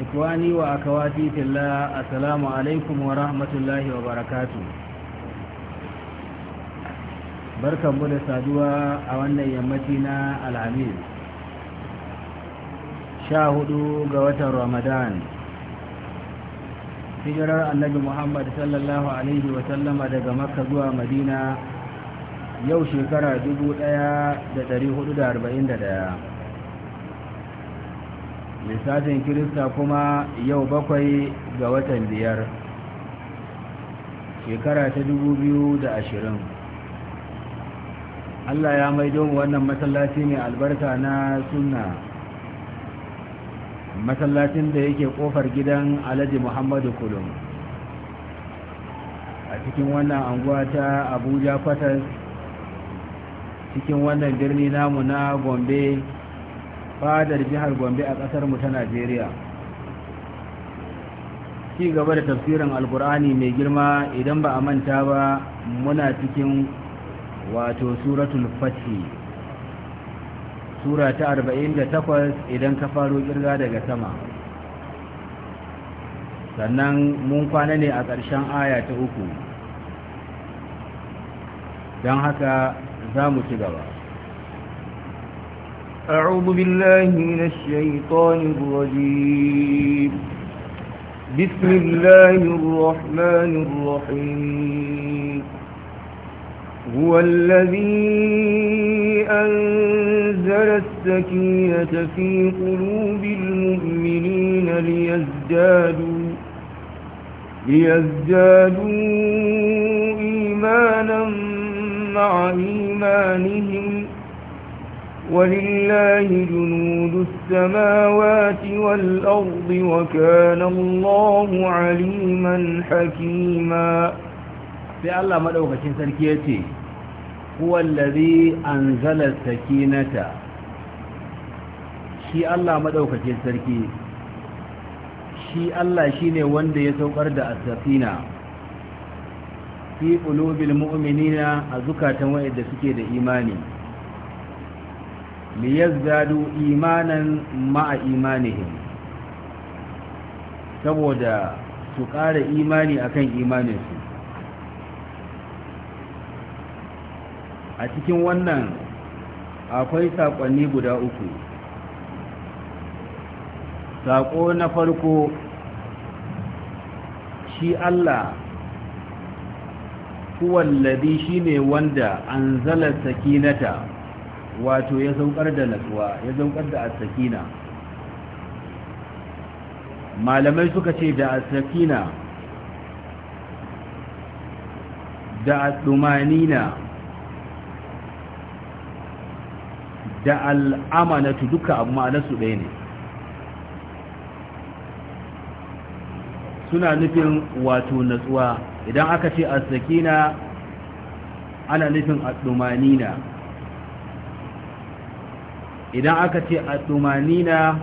ikwani wa akawati fillah assalamu alaikum wa rahmatullahi wa barakatu Barka, da saduwa a wannan yammaci na alhamis sha hudu ga watan ramadan hijirar annabi muhammad sallallahu alaihi wa sallama daga makka zuwa madina yau shekara ɗaya. lissafin kirista kuma yau bakwai ga watan biyar shekara ta dubu biyu da ashirin. allah ya maido wannan masallaci mai albarka na suna masallacin da yake kofar gidan alhaji muhammadu kulum a cikin wannan anguwa ta abuja kwatas cikin wannan birni namu na gombe fadar jihar gombe a kasar mu ta najeriya ci gaba da tafsirin alkur'ani mai girma idan ba a manta ba muna cikin wato suratul fathi sura ta 48 idan ka faro kirga daga sama sannan mun kwana ne a ƙarshen aya ta uku don haka za mu ci gaba أعوذ بالله من الشيطان الرجيم بسم الله الرحمن الرحيم هو الذي أنزل السكينة في قلوب المؤمنين ليزدادوا ليزدادوا إيمانا مع إيمانهم ولله جنود السماوات والأرض وكان الله عليما حكيما في الله مدعوك سركيتي هو الذي أنزل السكينة شي الله مدعوك سركي شي الله شيني وند يسوكر دا السكينة في قلوب المؤمنين أزكاة وإذا سكي دا إيماني liyazdadu imanan ma'a imanihim saboda su ƙara imani akan imaninsu a cikin wannan akwai saƙonni guda uku saƙo na farko shi Allah shi shine wanda an anzala sakinata wato ya saukar da natsuwa ya saukar da asakina malamai suka ce da asakina da adumanina da al'amanatu duka abu ma'anarsu ɗaya ne suna nufin wato natsuwa idan aka ce asakina ana nufin adumanina idan aka ce a tsumanina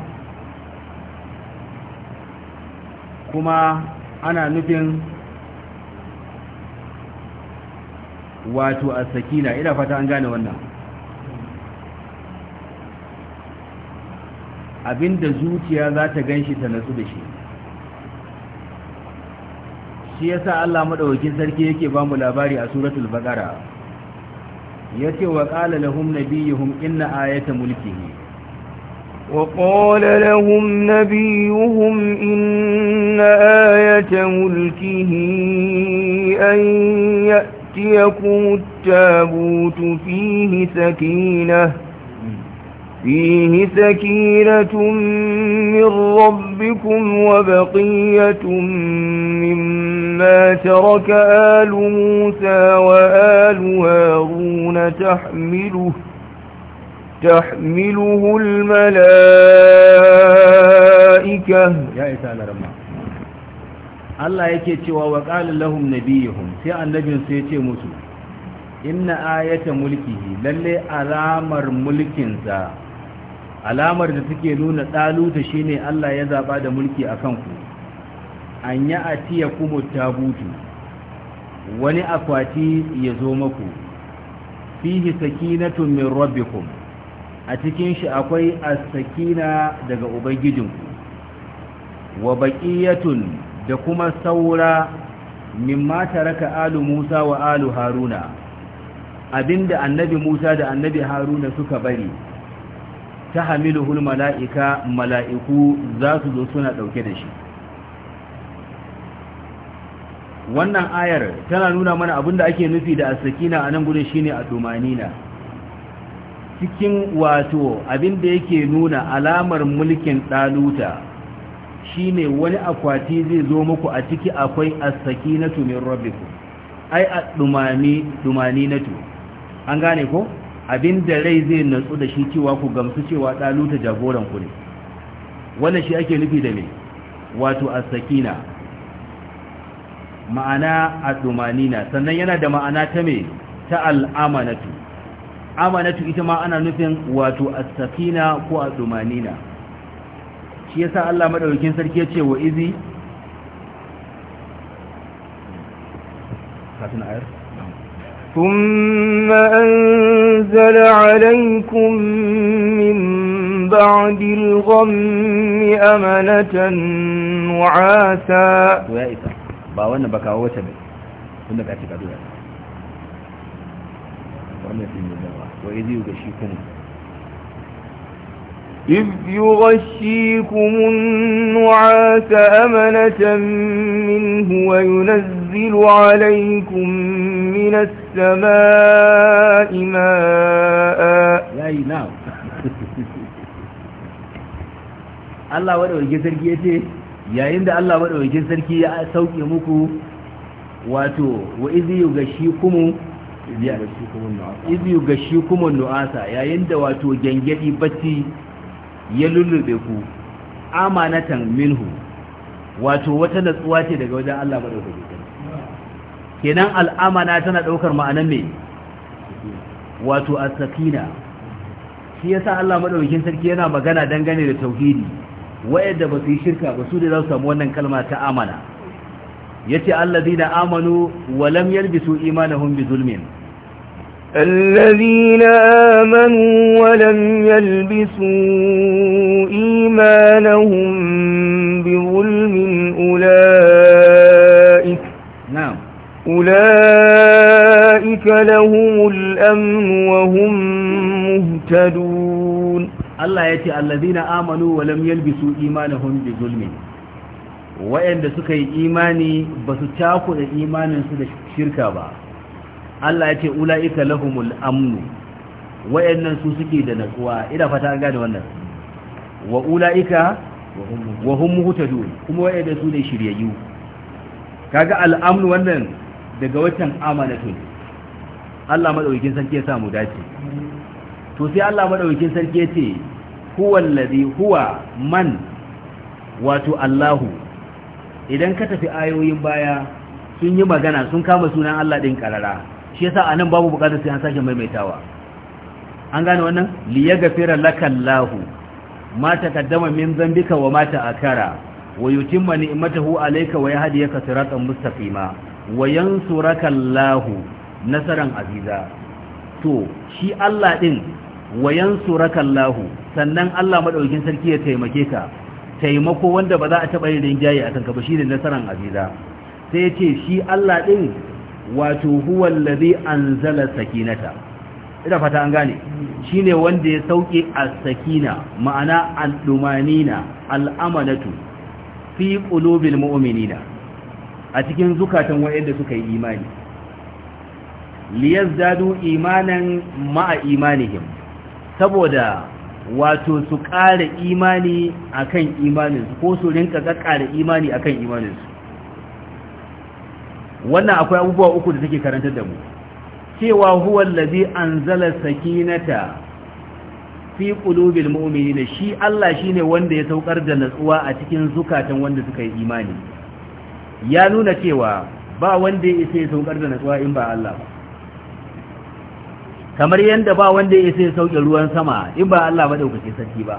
kuma ana nufin wato a sakina ina fata an gane wannan abinda zuciya za ta ganshi ta nasu da shi shi sa Allah maɗaukin sarki yake ba mu labari a suratul baqara yace wa qala lahum nabiyuhum inna ayata mulkihi وقال لهم نبيهم إن آية ملكه أن يأتيكم التابوت فيه سكينة فيه سكينة من ربكم وبقية مما مما ترك آل موسى وآل هارون تحمله تحمله الملائكة يا إساء الرمى Allah yake cewa wa qala lahum nabiyuhum sai annabin sai ya ce musu inna ayata mulkihi lallai alamar mulkin alamar da take nuna daluta shine Allah ya zaɓa da mulki a kanku. an ya atiya kuma tabutu wani akwati ya zo maku fihi sakinatun min rabbikum a cikin shi akwai as-sakina daga ubangijinku wa baqiyatun da kuma saura mimma taraka alu Musa wa alu Haruna abinda annabi Musa da annabi Haruna suka bari ta hamiluhul mala'ika mala'iku za su zo suna ɗauke da shi wannan ayar tana nuna mana abin da ake nufi da asakina a nan gudun shine a dumanina cikin wato abin da yake nuna alamar mulkin ɗaluta shine wani akwati zai zo muku a ciki akwai asakinatu min rabbikum ai a dumani dumaninatu an gane ko abin da rai zai natsu da shi cewa ku gamsu cewa ɗaluta jagoran ku ne wannan shi ake nufi da me wato asakina ma'ana a tsumanina sannan yana da ma'ana ta mai ta al'amanatu amanatu ita ma ana nufin wato a sakina ko a tsumanina shi sa Allah maɗaukin sarki ya ce wa izi kafin ayar ثم أنزل عليكم من بعد الغم أمنة وعاسا ba wannan ba kawo wata ne tunda ka cika doya wannan shi ne dawa wa izi ga shi kuma إذ يغشيكم النعاس أمنة منه وينزل عليكم من السماء ماء لا ينام الله ولو الجسر جيته yayin da Allah madaukakin sarki ya sauke muku wato wa izi kuma izi kuma nu'asa yayin da wato gengedi bacci ya lullube ku amanatan minhu wato wata natsuwa ce daga wajen Allah madaukakin kenan al'amana tana daukar ma'anar me wato as-sakina shi yasa Allah madaukakin sarki yana magana dangane da tauhidi wayanda ba su yi shirka ba su ne za su samu wannan kalma ta amana yace allazina amanu wa lam yalbisu imanahum bi zulmin الذين آمنوا ولم يلبسوا إيمانهم بظلم أولئك نعم أولئك لهم الأمن وهم مهتدون Allah ya ce allazina amanu wa lam yalbisu imanahum bi zulmi wayanda suka yi imani ba su tako da imanin su da shirka ba Allah ya ce ulaika lahumul amnu wayannan su suke da natsuwa ina fata an gane wannan wa ulaika wa hum muhtadun kuma wayanda su ne shiryayyu kaga al'amnu wannan daga watan amanatun Allah madaukakin sarki ya samu dace to sai Allah madaukakin sarki ya ce huwa alladhi huwa man wato Allahu idan ka tafi ayoyin baya sun yi magana sun kama sunan Allah din karara shi yasa anan babu bukatar sai an sake maimaitawa an gane wannan li yaghfira lakallahu ma taqaddama min dhanbika wa ma ta'akhara wa yutimma ni'matahu alayka wa yahdiyaka siratan mustaqima wa yansuraka Allahu nasaran aziza to shi Allah din wayan surakallahu sannan Allah madaukin sarki ya taimake ka taimako wanda ba za a taba yin rinjaye akan ka ba nasaran aziza sai yace shi Allah din wato huwal ladhi anzala sakinata ina fata an gane shine wanda ya sauke as-sakina ma'ana al-dumanina al-amanatu fi qulubil mu'minina a cikin zukatan wayanda suka yi imani liyazdadu imanan ma'a imanihim saboda wato su ƙara imani akan imaninsu ko su rinka ƙaƙƙara imani akan imaninsu wannan akwai abubuwa uku da take karantar da mu cewa huwa allazi anzala sakinata fi qulubil mu'minin shi Allah shine wanda ya saukar da natsuwa a cikin zukatan wanda suka yi imani ya nuna cewa ba wanda ya isa ya saukar da natsuwa in ba Allah ba kamar yadda ba wanda ya sai sauke ruwan sama in ba Allah maɗaukaki sarki ba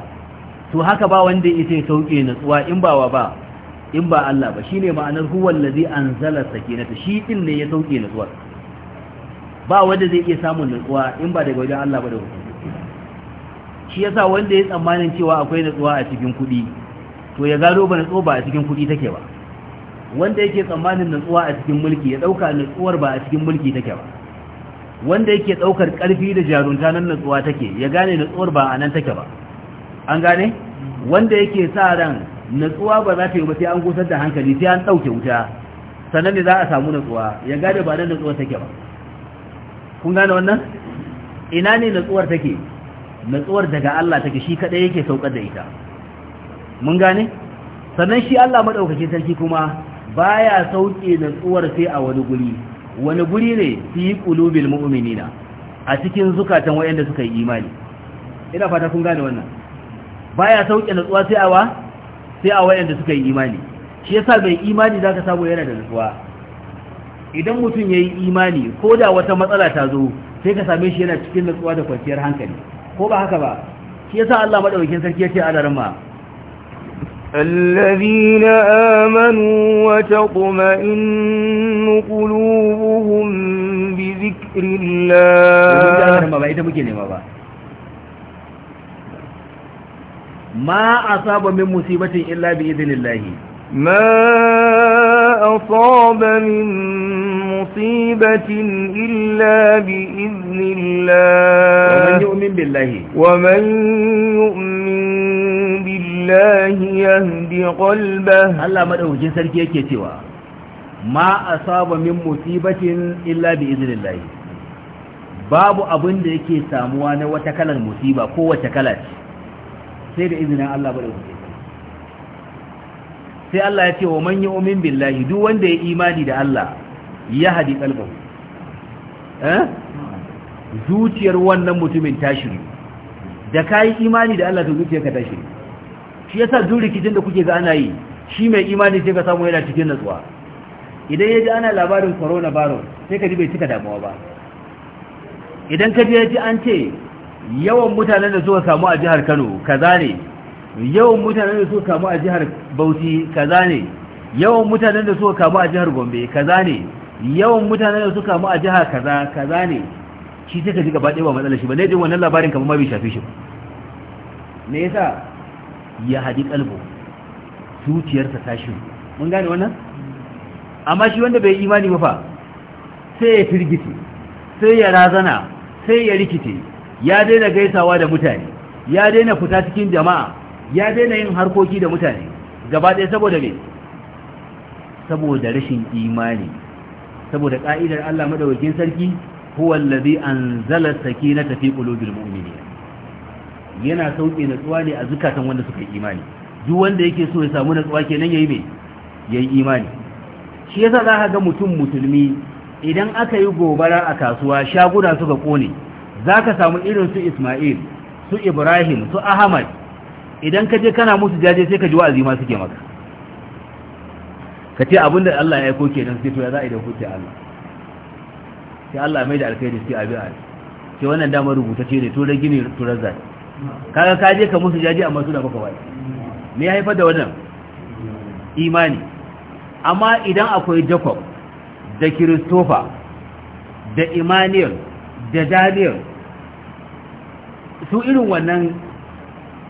to haka ba wanda ya sai sauke natsuwa in ba wa ba in ba Allah ba shine ma'anar huwal ladzi anzala sakinata shi din ne ya sauke natsuwa ba wanda zai iya samun natsuwa in ba daga wajen Allah ba da shi yasa wanda ya tsammanin cewa akwai natsuwa a cikin kuɗi to ya gado ba natsuwa ba a cikin kuɗi take ba wanda yake tsammanin natsuwa a cikin mulki ya ɗauka natsuwar ba a cikin mulki take ba wanda yake daukar karfi da jarunta nan natsuwa take ya gane natsuwar ba a nan take ba an gane wanda yake sa ran natsuwa ba za ta yi ba sai an gusar da hankali sai an dauke wuta sannan ne za a samu natsuwa ya gane ba nan natsuwar take ba kun gane wannan ina ne natsuwar take natsuwar daga Allah take shi kadai yake saukar da ita mun gane sannan shi Allah madaukake sarki kuma baya sauke natsuwar sai a wani guri wani guri ne fi qulubil mu'minina a cikin zukatan wayanda suka yi imani ina fata kun gane wannan baya sauke nutsuwa sai awa sai a wayanda suka yi imani shi yasa mai imani zaka sabo yana da nutsuwa idan mutum ya yi imani ko da wata matsala ta zo sai ka same shi yana cikin nutsuwa da kwanciyar hankali ko ba haka ba shi yasa Allah madaukakin sarki ya ce a الذين آمنوا وتطمئن قلوبهم بذكر الله ما أصاب من مصيبة إلا بإذن الله ما أصاب من مصيبة إلا بإذن الله ومن يؤمن بالله ومن يؤمن بالله يهدي قلبه الله مدعو جنسا كيكي سوا ما أصاب من مصيبة إلا بإذن الله babu abin da yake samuwa na wata kalar musiba ko wata kala ce sai da izinin Allah bada wuce sai Allah ya ce wa manyan umin billahi duk wanda ya imani da Allah ya hadi kalbu eh? zuciyar wannan mutumin tashi da ka yi imani da Allah to zuciyarka tashi shi yasa duk rikicin da kuke ga ana yi shi mai imani sai ka samu yana cikin natsuwa idan ya ji ana labarin corona baron, sai ka ji bai cika damuwa ba idan ka ji ya ji an ce yawan mutanen da suka samu a jihar Kano kaza ne yawan mutanen da suka kamu a jihar Bauchi kaza ne yawan mutanen da suka kamu a jihar Gombe kaza ne yawan mutanen da suka kamu a jihar kaza kaza ne shi sai ka ji gaba ɗaya ba matsalar shi ba ne dai wannan labarin kamar ma bai shafe shi me yasa ya haji kalbo zuciyarsa ta shi mun gane wannan amma shi wanda bai imani ba fa sai ya firgiti sai ya razana sai ya rikice ya daina gaisawa da mutane ya daina fita cikin jama'a ya daina yin harkoki da mutane gaba ɗaya saboda me saboda rashin imani saboda ka'idar Allah madawakin sarki huwa allazi anzala sakinata fi qulubil mu'minin yana sauke tsuwa ne a zukatan wanda suka yi imani duk wanda yake so ya samu tsuwa kenan yayi me yayi imani shi yasa za ka ga mutum musulmi idan aka yi gobara a kasuwa shaguna suka kone za ka samu irin su Ismail su Ibrahim su Ahmad idan ka je kana musu jaje sai ka ji wa'azi ma suke maka ka ce abinda Allah ya aiko kenan sai to ya za a yi da hukunci Allah sai Allah mai da alkhairi sai abi a sai wannan dama rubuta ce ne to da gini turar zai kaga ka je ka musu jaje amma suna maka wa'azi me ya haifar da wannan imani amma idan akwai Jacob da Christopher da Emmanuel da Daniel su irin wannan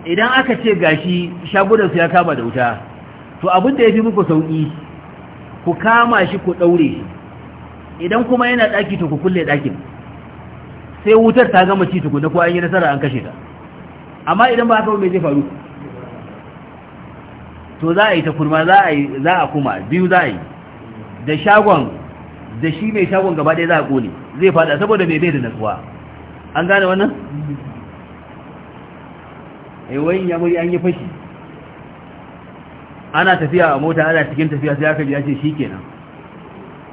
idan aka ce gashi shagunansu ya kama da wuta to abin da ya fi muku sauƙi ku kama shi ku ɗaure shi idan kuma yana ɗaki to ku kulle ɗakin sai wutar ta gama ci tukuna ko an yi nasara an kashe ta amma idan ba haka mai zai faru to za a yi ta kurma za a kuma biyu za a yi da shagon da shi mai shagon gaba ɗaya za a ƙone zai faɗa saboda mai bai da natsuwa an gane wannan Eh, wai ya muri an yi fashi ana tafiya a mota ana cikin tafiya sai aka biya ce shi kenan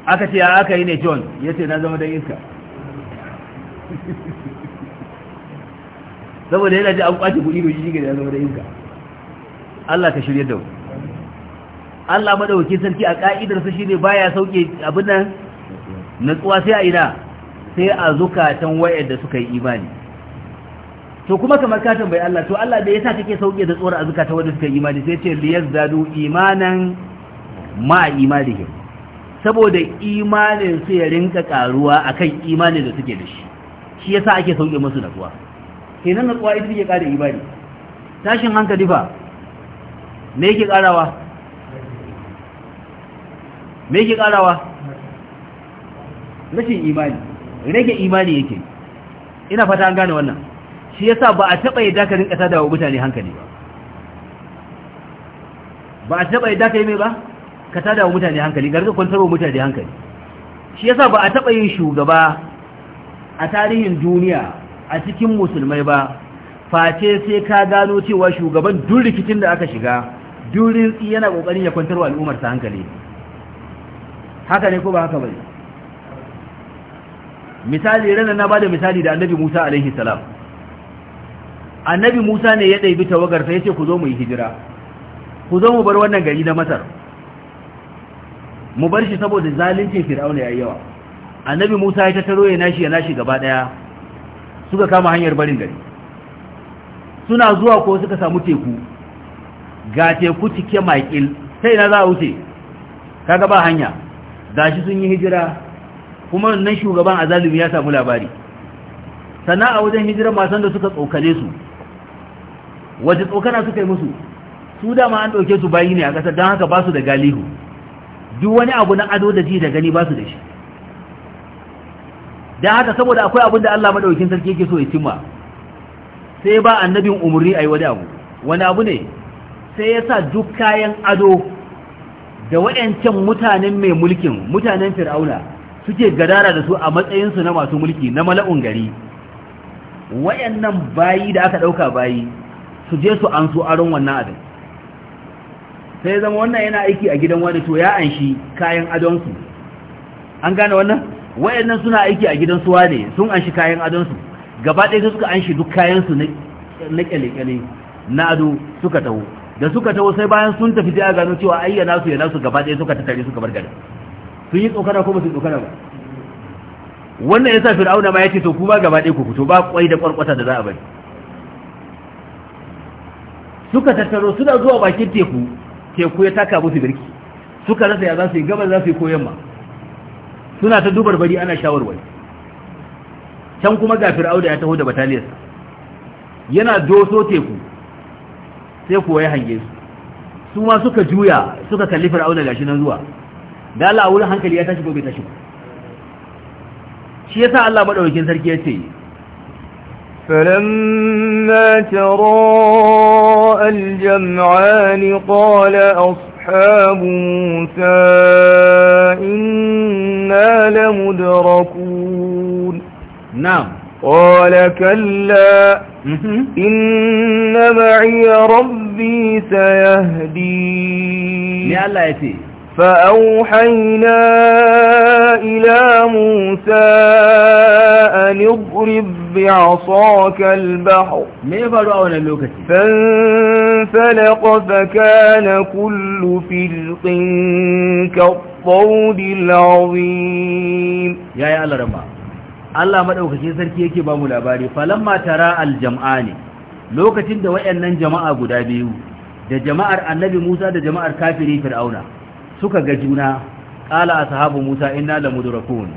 aka ce aka yi ne john ya ce na zama don iska saboda yana ji an kwace kuɗi da shi ya zama don iska Allah ka shirya da mu Allah madaukakin sarki a ka'idarsa shine baya sauke abin nan natsuwa sai a ina sai a zukatan da suka yi imani to kuma kamar ka tambayi Allah to Allah da yasa kake sauke da tsora azuka ta wanda suka yi imani sai ce liyazdadu imanan ma imanihim saboda imanin su ya rinka karuwa akan imanin da suke da shi shi yasa ake sauke musu natsuwa kenan natsuwa ita take kare imani tashin hankali fa me yake karawa me yake karawa rashin imani rage imani yake ina fata an gane wannan shi yasa ba a taɓa yadda ka rinka sadawa mutane hankali ba ba a taɓa yadda ka yi mai ba ka sadawa mutane hankali garga kwantar wa mutane hankali shi yasa ba a taɓa yin shugaba a tarihin duniya a cikin musulmai ba face sai ka gano cewa shugaban duk rikicin da aka shiga duk rintsi yana kokarin ya kwantar wa al'ummar sa hankali haka ne ko ba haka bane misali ranar na bada misali da annabi Musa alaihi salam annabi musa ne ya ɗaibi tawagarsa ya ce ku zo mu yi hijira ku zo mu bar wannan gari na masar mu bar shi saboda zalincin fir'auna ya yi yawa annabi musa ya tattaro ya nashi ya nashi gaba ɗaya suka kama hanyar barin gari suna zuwa ko suka samu teku ga teku cike maƙil sai na za a wuce kaga ba hanya shi sun yi hijira kuma nan shugaban azalumi ya samu labari sannan a wajen hijira masan da suka tsokale su wace tsokana suka yi musu su dama an ɗauke su bayi ne a ƙasar don haka ba su da galihu duk wani abu na ado da ji da gani ba su da shi don haka saboda akwai abin da Allah maɗaukin sarki ke so ya cimma sai ba annabin umarni a yi wani abu wani abu ne sai ya sa duk kayan ado da waɗancan mutanen mai mulkin mutanen fir'auna suke gadara da su a matsayinsu na masu mulki na mala'un gari waɗannan bayi da aka ɗauka bayi su je su an su aron wannan abin sai zama wannan yana aiki a gidan wani to ya anshi kayan adonsu an gane wannan wayannan suna aiki a gidan suwa ne sun anshi kayan adonsu gaba ɗaya suka anshi duk kayansu na ƙyale-ƙyale na ado suka taho da suka taho sai bayan sun tafi sai a gano cewa ai yana su yana su gaba ɗaya suka tattare suka bar gari sun yi tsokana ko ba su tsokana ba wannan yasa fir'auna ma yace to kuma gaba ɗaya ku fito ba kwai da kwarkwata da za a bari suka tattaro suna zuwa bakin teku teku ya taka musu birki suka rasa ya za su yi gaba za su yi ko yamma suna ta dubar bari ana shawarwari can kuma ga fir'auda ya taho da bataliyarsa yana doso teku sai kuwa ya hange su su ma suka juya suka kalli fir'auda gashi nan zuwa da Allah a wurin hankali ya tashi ko bai tashi ba shi yasa Allah madaukakin sarki ya ce فلما تراءى الجمعان قال أصحاب موسى إنا لمدركون نعم قال كلا إن معي ربي سيهدين يا الله فأوحينا إلى موسى أن اضرب بعصاك a فانفلق فكان كل فرق كالطود العظيم يا يا الله رمى Allah maɗaukacin sarki yake ba mu labari falamma tara ne, lokacin da wayannan jama'a guda biyu da jama'ar annabi Musa da jama'ar kafiri Fir'auna suka ga juna qala ashabu Musa inna lamudrakun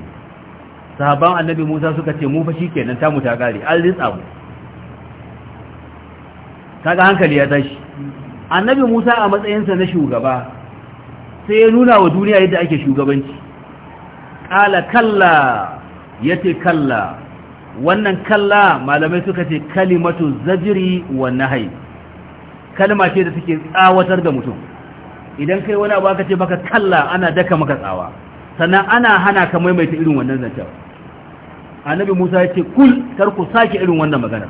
sahabban annabi Musa suka ce mu fa kenan ta muta ta gare an ritsa mu kaga hankali ya tashi annabi Musa a matsayinsa na shugaba sai ya nuna wa duniya yadda ake shugabanci ƙala kalla ya ce kalla wannan kalla malamai suka ce kalimatu zajiri wa nahai kalma ce da suke tsawatar da mutum idan kai wani abu aka ce baka kalla ana daka maka tsawa sannan ana hana ka maimaita irin wannan zancen annabi musa ya ce kul kar ku sake irin wannan magana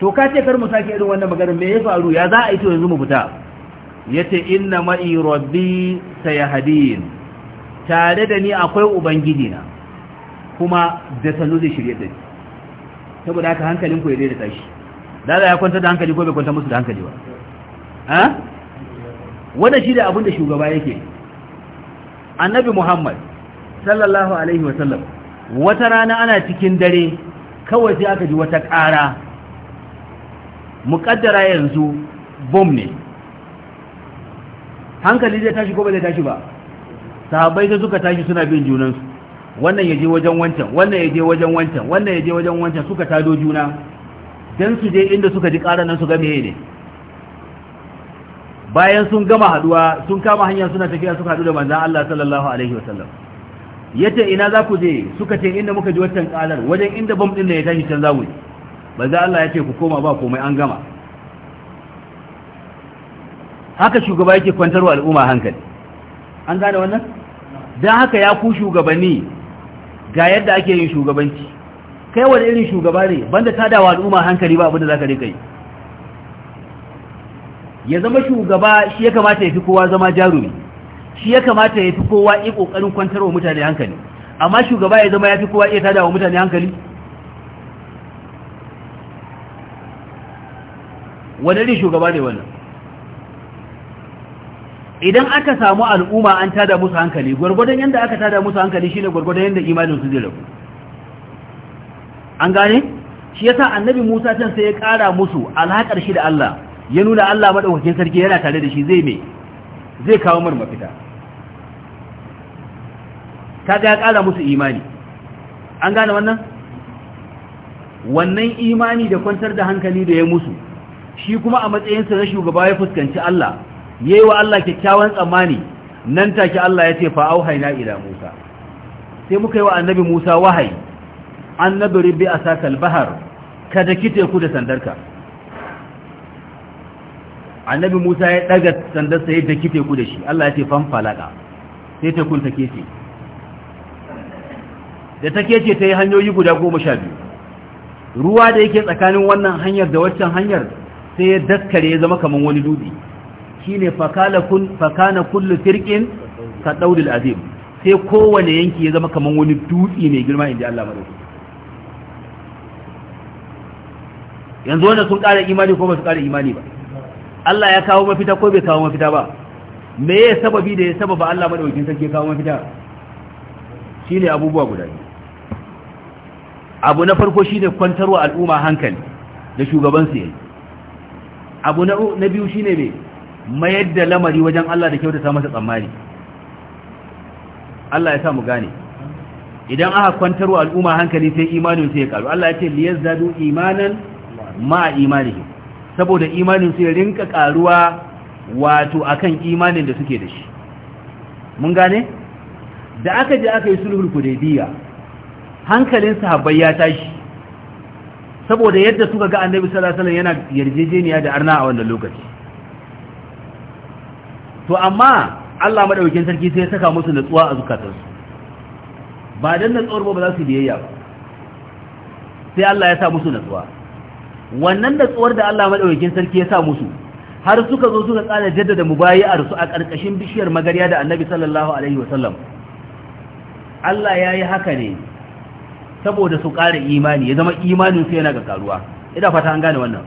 to ka ce kar mu sake irin wannan magana me ya faru ya za a yi to yanzu mu fita ya ce inna ma'i rabbi sayahdin tare da ni akwai ubangiji na kuma da sanu zai shirye da ni saboda haka hankalin ku ya daidaita shi da za ya kwanta da hankali ko bai kwanta musu da hankali ba ha wanda shi da abin da shugaba yake annabi muhammad sallallahu alaihi wasallam wata rana ana cikin dare kawai sai aka ji wata ƙara muƙaddara yanzu bom ne hankali zai tashi ko ba zai tashi ba sahabbai da suka tashi suna bin junansu wannan ya je wajen wancan wannan ya je wajen wancan wannan ya je wajen wancan suka tado juna don su je inda suka ji ƙara nan su ga meye ne bayan sun gama haduwa sun kama hanya suna tafiya suka hadu da manzan Allah sallallahu alaihi wasallam yace ina za ku je suka ce inda muka ji wancan kalar wajen inda bom din da ya tashi can zawuri manzan Allah yace ku koma ba komai an gama haka shugaba yake kwantarwa al'umma hankali an gane wannan dan haka ya ku shugabanni ga yadda ake yin shugabanci kai wani irin shugaba ne banda tadawa al'umma hankali ba abin da zaka rika yi ya zama shugaba shi ya kamata ya fi kowa zama jarumi shi ya kamata ya fi kowa iya kokarin kwantar wa mutane hankali amma shugaba ya zama ya fi kowa iya tada wa mutane hankali wani ne shugaba ne wannan idan aka samu al'umma an tada musu hankali gwargwadon yadda aka tada musu hankali shine gwargwadon yadda imanin su zai rabu an gane shi yasa annabi Musa can sai ya kara musu alhaƙar shi da Allah ya nuna Allah maɗaukakin sarki yana tare da shi zai me zai kawo mar mafita kaga ya ƙara musu imani an gane wannan wannan imani da kwantar da hankali da ya musu shi kuma a matsayinsa na shugaba ya fuskanci Allah ya yi wa Allah kyakkyawan tsammani nan take Allah ya ce fa auhayna ila Musa sai muka yi wa annabi Musa wahayi annabi a sakal bahar kada ki teku da sandarka annabi musa ya daga sandarsa da daki ku da shi allah ya ce fan falaka sai kun take ce da take ce ta yi hanyoyi guda goma sha biyu ruwa da yake tsakanin wannan hanyar da waccan hanyar sai ya daskare ya zama kamar wani dubi shine fakana kullu firqin ka daudil azim sai kowane yanki ya zama kamar wani dutse mai girma inda Allah madauki yanzu wannan sun ƙara imani ko ba su ƙara imani ba Allah ya kawo mafita ko bai kawo mafita ba me ya sababi da ya sababa Allah madaukakin sarki ya kawo mafita Shi ne abubuwa guda abu na farko shi ne kwantarwa al'umma hankali da shugaban su yi. abu na biyu shi ne mayar da lamari wajen Allah da kyautata masa tsammani Allah ya sa mu gane idan aka kwantarwa al'umma hankali sai imanin sai ya karu Allah ya ce liyazdadu imanan ma imanihim saboda imanin su ya rinka karuwa wato akan imanin da suke da shi mun gane da aka je aka yi sulhul hudaybiya hankalin sahabbai ya tashi saboda yadda suka ga annabi sallallahu alaihi wasallam yana yarjejeniya da arna a wannan lokaci to amma Allah madaukakin sarki sai ya saka musu natsuwa a su ba dan natsuwar ba za su biyayya ba sai Allah ya sa musu natsuwa wannan da tsawar da Allah madaukakin sarki ya sa musu har suka zo suka tsara jaddada mubayar su a ƙarƙashin bishiyar magariya da Annabi sallallahu alaihi wasallam Allah ya yi haka ne saboda su ƙara imani ya zama imanin su yana ga karuwa ina fata an gane wannan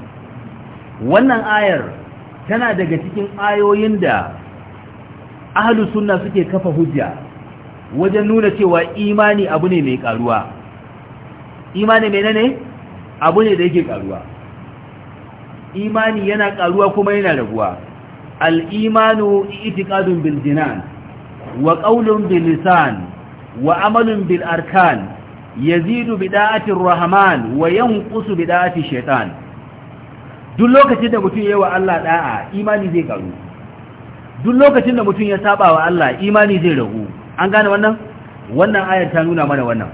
wannan ayar tana daga cikin ayoyin da ahlus sunna suke kafa hujja wajen nuna cewa imani abu ne mai karuwa imani menene abu ne da yake karuwa imani yana karuwa kuma yana raguwa al-imanu i'tiqadun bil jinan wa qaulun bil lisan wa amalun bil arkan yazidu bi da'ati rahman wa yanqusu bi da'ati shaytan duk lokacin da mutum yayi wa Allah da'a imani zai karu duk lokacin da mutum ya saba wa Allah imani zai ragu an gane wannan wannan ayar ta nuna mana wannan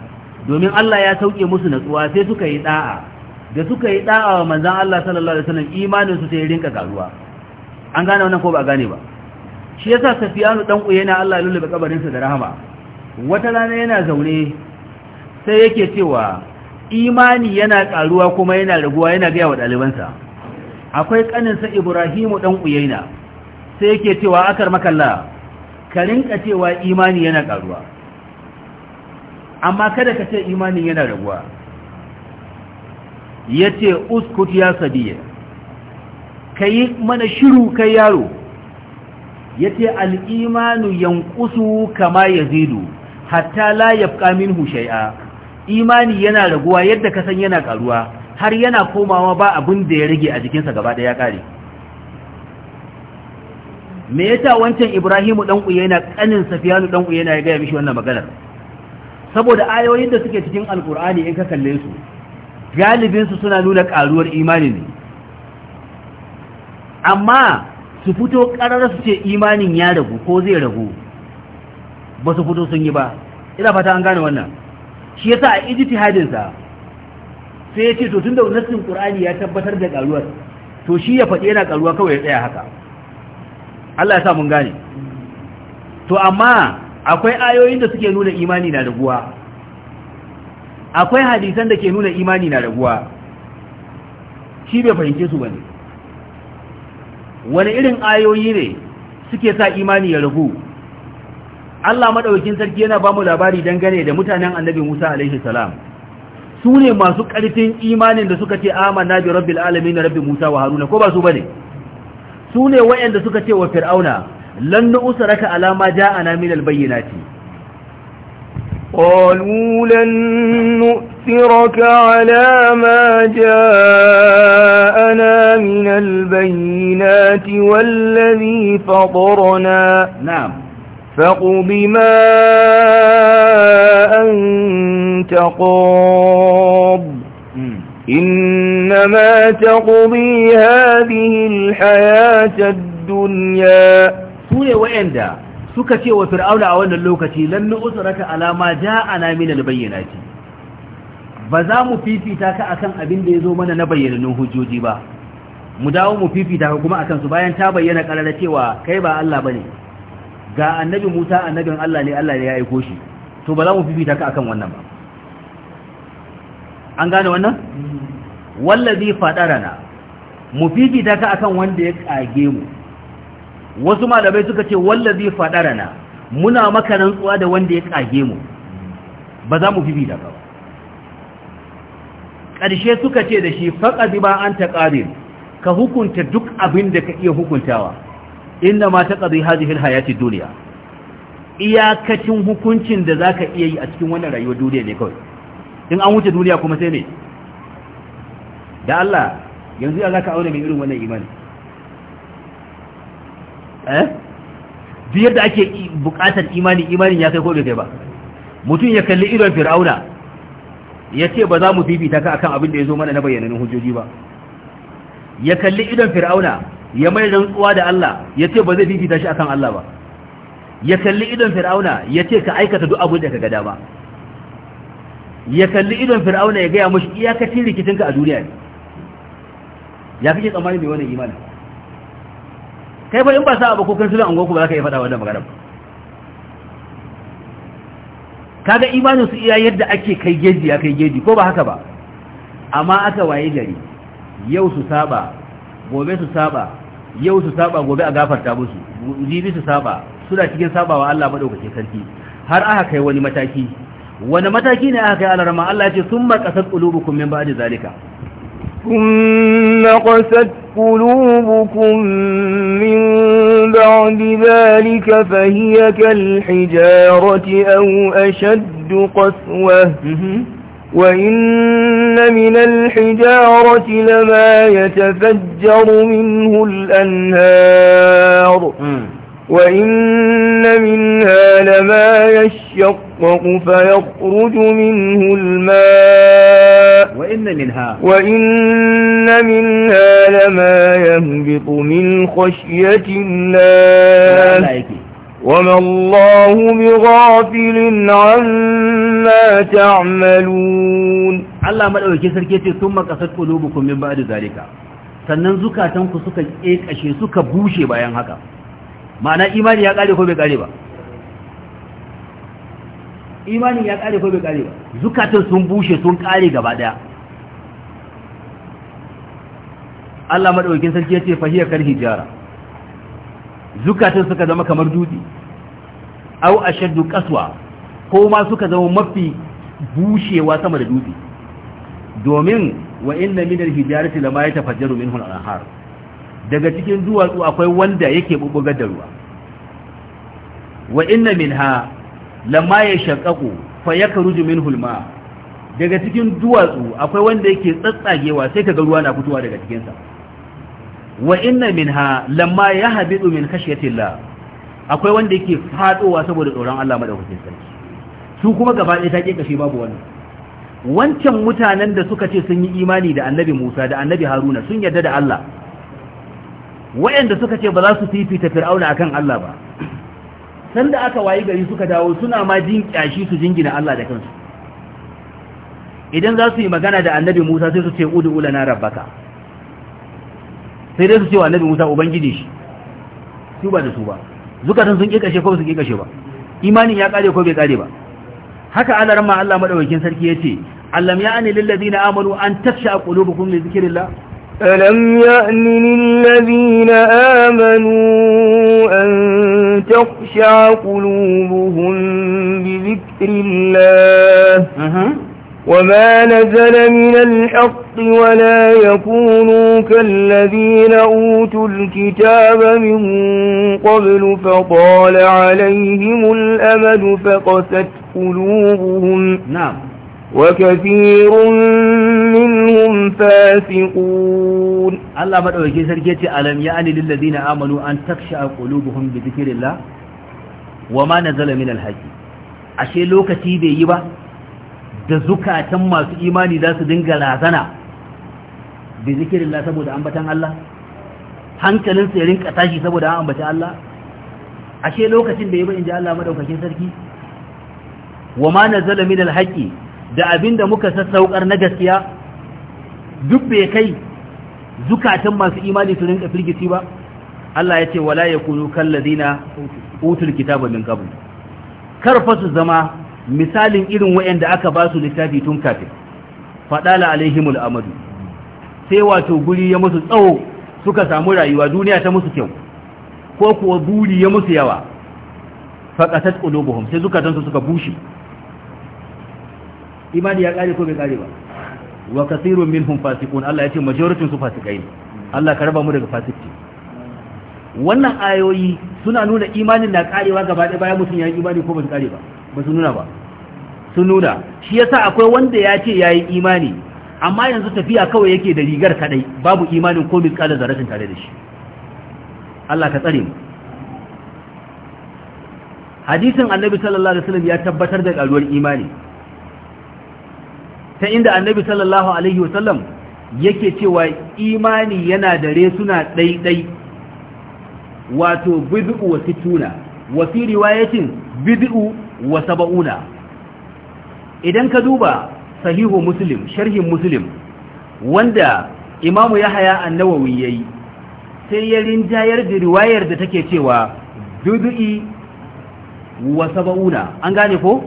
domin Allah ya sauke musu natsuwa sai suka yi da'a da suka yi da'a wa manzon Allah sallallahu alaihi wasallam imanin su sai rinka karuwa an gane wannan ko ba gane ba shi yasa Safiyanu ɗan ƙuyena Allah ya lullube kabarin sa da rahama wata rana yana zaune sai yake cewa imani yana karuwa kuma yana raguwa yana gaya wa ɗalibansa. akwai kanin sa Ibrahimu dan uyaina sai yake cewa akar makalla ka rinka cewa imani yana karuwa amma kada ka ce imani yana raguwa ya ce uskut ya sabiya ka yi mana shiru kai yaro ya ce al'imanu yankusu kama ya zidu hatta la ƙamin minhu shay'a imani yana raguwa yadda kasan yana karuwa har yana komawa ba abin da ya rage a jikinsa gaba ɗaya kare me yasa wancan Ibrahimu dan yana kanin Safiyanu dan Uyayna ya gaya mishi wannan maganar saboda ayoyin da suke cikin Alkur'ani in ka kalle su galibinsu suna nuna ƙaruwar imani ne amma su fito ƙarar su ce imanin ya ragu ko zai ragu ba su fito sun yi ba ina fata an gane wannan shi yasa a ijtihadinsa sai ya ce to tun tunda nassin qur'ani ya tabbatar da ƙaruwar to shi ya faɗi yana ƙaruwa kawai ya tsaya haka Allah ya sa mun gane to amma akwai ayoyin da suke nuna imani na raguwa akwai hadisan da ke nuna imani na raguwa shi bai fahimce su bane wani irin ayoyi ne suke sa imani ya ragu Allah madaukakin sarki yana ba mu labari dangane da mutanen Annabi Musa alaihi salam su ne masu ƙarfin imanin da suka ce amanna bi rabbil alamin rabbi Musa wa Haruna ko ba su bane su ne waɗanda suka ce wa Fir'auna lan nu'saraka alama ja'ana min al-bayyinati قالوا لن نؤثرك على ما جاءنا من البينات والذي فطرنا نعم فقض ما أنت قاض إنما تقضي هذه الحياة الدنيا سورة وإندا suka ce wa fir'auna a wannan lokaci lan nusraka alama ja'ana min bayyinati ba za mu fifita ka akan abin da yazo mana na bayyanannun hujjoji ba mu dawo mu fifita ka kuma akan su bayan ta bayyana karara cewa kai ba Allah bane ga annabi Musa annabin Allah ne Allah ne ya aiko shi to ba za mu fifita ka akan wannan ba an gane wannan mm. wallazi fadarana mu fifita ka akan wanda ya kage mu wasu malamai suka ce wallazi fadarana muna maka rantsuwa da wanda ya kage mu ba za mu bibi da ba ƙarshe suka ce da shi faqadi ba an taqabil ka hukunta duk abin da ka iya hukuntawa inna ma taqadi hadhihi alhayati dunya iyakacin hukuncin da zaka iya yi a cikin wannan rayuwar duniya ne kawai in an wuce duniya kuma sai ne da Allah yanzu ya zaka aure mai irin wannan imani Eh? duk yadda ake bukatar imani imani ya kai ko bai kai ba mutum ya kalli idon fir'auna ya ce ba za mu fifita ka akan abin da ya zo mana na bayyanannun hujjoji ba ya kalli idon fir'auna ya mai rantsuwa da Allah ya ce ba zai fifita shi akan Allah ba ya kalli idon fir'auna ya ce ka aikata duk abin da ka gada ba ya kalli idon fir'auna ya gaya mashi iyakacin rikicinka a duniya ne ya ke tsammani mai wannan imanin kai fa in ba sa abu ko da an goku ba za ka iya faɗa wannan magana ba kaga imanin su iya yadda ake kai geji ya kai geji ko ba haka ba amma aka waye gari yau su saba gobe su saba yau su saba gobe a gafarta musu jibi su saba suna cikin sabawa Allah madaukake sarki har aka kai wani mataki wani mataki ne aka kai alarma Allah ya ce summa qasat qulubukum min ba'di zalika ثم قست قلوبكم من بعد ذلك فهي كالحجارة أو أشد قسوة وإن من الحجارة لما يتفجر منه الأنهار وإن منها لما يشقق فيخرج منه الماء وإن منها وإن منها لما يهبط من خشية الله وما الله بغافل عما تعملون الله مدعوكي سركيتي ثم قصد قلوبكم من بعد ذلك sannan zukatanku suka ƙeƙashe suka bushe bayan haka ma'ana imani ya kare ko bai kare ba imanin ya kare ko bai kare ba zukatan sun bushe sun kare gaba daya Allah madaukakin sarki yace fahiya kal hijara zukatan suka zama kamar dutse aw ashaddu qaswa ko ma suka zama mafi bushewa sama da dutse domin wa inna min al hijarati lama yatafajjaru minhu al anhar daga cikin duwatsu akwai wanda yake bubugar da ruwa wa inna minha lamma yashaqqaqu fa yakruju minhu alma daga cikin duwatsu akwai wanda yake tsatsagewa sai kaga ruwa na fitowa daga cikin sa wa inna minha lamma yahbidu min khashyatillah akwai wanda yake fadowa saboda tsoron Allah madaukakin sarki su kuma gaba ɗaya ta kashi babu wannan wancan mutanen da suka ce sun yi imani da annabi Musa da annabi Haruna sun yarda da Allah wayanda suka ce ba za su fifita fir'auna akan Allah ba sanda aka wayi gari suka dawo suna ma jin kyashi su jingina Allah da kansu idan za su yi magana da annabi Musa sai su ce ud'u na rabbaka sai dai su ce wa annabi Musa ubangiji shi su ba da su ba zukatan sun kikashe ko su kikashe ba imanin ya kare ko bai kare ba haka alarma Allah madaukakin sarki yace allam ya'ani lil ladina amanu an tafsha qulubukum li dhikrillah ألم يأن للذين آمنوا أن تخشع قلوبهم بذكر الله وما نزل من الحق ولا يكونوا كالذين أوتوا الكتاب من قبل فطال عليهم الأمد فقست قلوبهم نعم وكثير منهم فاسقون الله مدعوكي سركيتي ألم يعني للذين آمنوا أن تخشع قلوبهم بذكر الله وما نزل من الحج ashe lokaci bai yi ba da zukatan masu imani za su dinga razana bi zikirin la saboda ambatan Allah hankalin su ya rinka tashi saboda an ambaci Allah ashe lokacin bai yi ba in ji Allah madaukakin sarki wa ma nazala min alhaqi da abin da muka sassaukar na gaskiya duk bai kai zukatan masu imani su rinka firgici ba Allah ya ce wala yakunu kallazina utul kitaba min qabl kar fa su zama misalin irin wayanda aka ba su littafi tun kafin fadala alaihimul amadu sai wato guri ya musu tsawo suka samu rayuwa duniya ta musu kyau ko kuwa buri ya musu yawa faqatat qulubuhum sai zukatansu suka bushe imani ya kare ko bai kare ba wa kathirun minhum fasiqun Allah ya ce majoritin su fasikai ne Allah ka raba mu daga fasiki. wannan ayoyi suna nuna imanin na karewa gaba ɗaya bayan mutum ya yi imani ko bai su kare ba ba su nuna ba su nuna shi yasa akwai wanda ya ce ya yi imani amma yanzu tafiya kawai yake da rigar kadai babu imanin ko kare zarafin tare da shi Allah ka tsare mu hadisin annabi sallallahu alaihi wasallam ya tabbatar da karuwar imani ta inda annabi sallallahu alaihi wasallam yake cewa imani yana da suna ɗaiɗai wato bid'u wa situna wa riwayatin bid'u wa saba'una idan ka duba sahihu muslim sharhin muslim wanda imamu yahaya annawawi yayi sai ya rinjayar da riwayar da take cewa bid'i wa saba'una an gane ko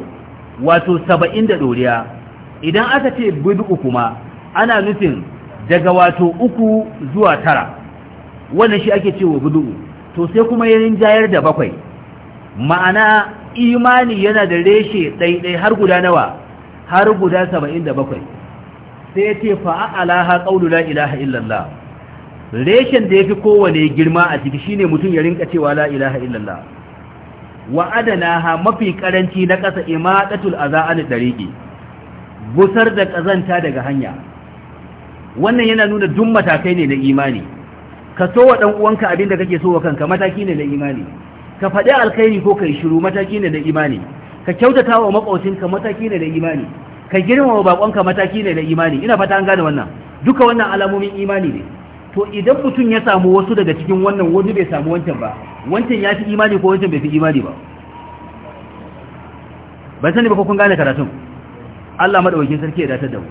wato saba'in da ɗoriya idan aka ce bid'u kuma ana nufin daga wato uku zuwa tara wannan shi ake cewa bid'u to sai kuma ya rinjayar da bakwai ma'ana imani yana da reshe ɗaiɗai har guda nawa har guda saba'in da bakwai sai ya ce fa'a'alaha ƙaunu la ilaha illallah reshen da ya fi kowane girma a ciki shine mutum ya rinka cewa la ilaha illallah wa adana ha mafi karanci na ƙasa imatatul aza'ani dariqi gusar da ƙazanta daga hanya wannan yana nuna duk matakai ne na imani ka so wa ɗan uwanka abin da kake so wa kanka mataki ne na imani ka faɗi alkhairi ko ka yi shiru mataki ne na imani ka kyautata wa maƙocinka mataki ne na imani ka girmama baƙonka mataki ne na imani ina fata an gane wannan duka wannan alamomin imani ne to idan mutum ya samu wasu daga cikin wannan wani bai samu wancan ba wancan ya fi imani ko wancan bai fi imani ba ban sani ba ko kun gane karatun Allah madaukakin sarki ya datar da mu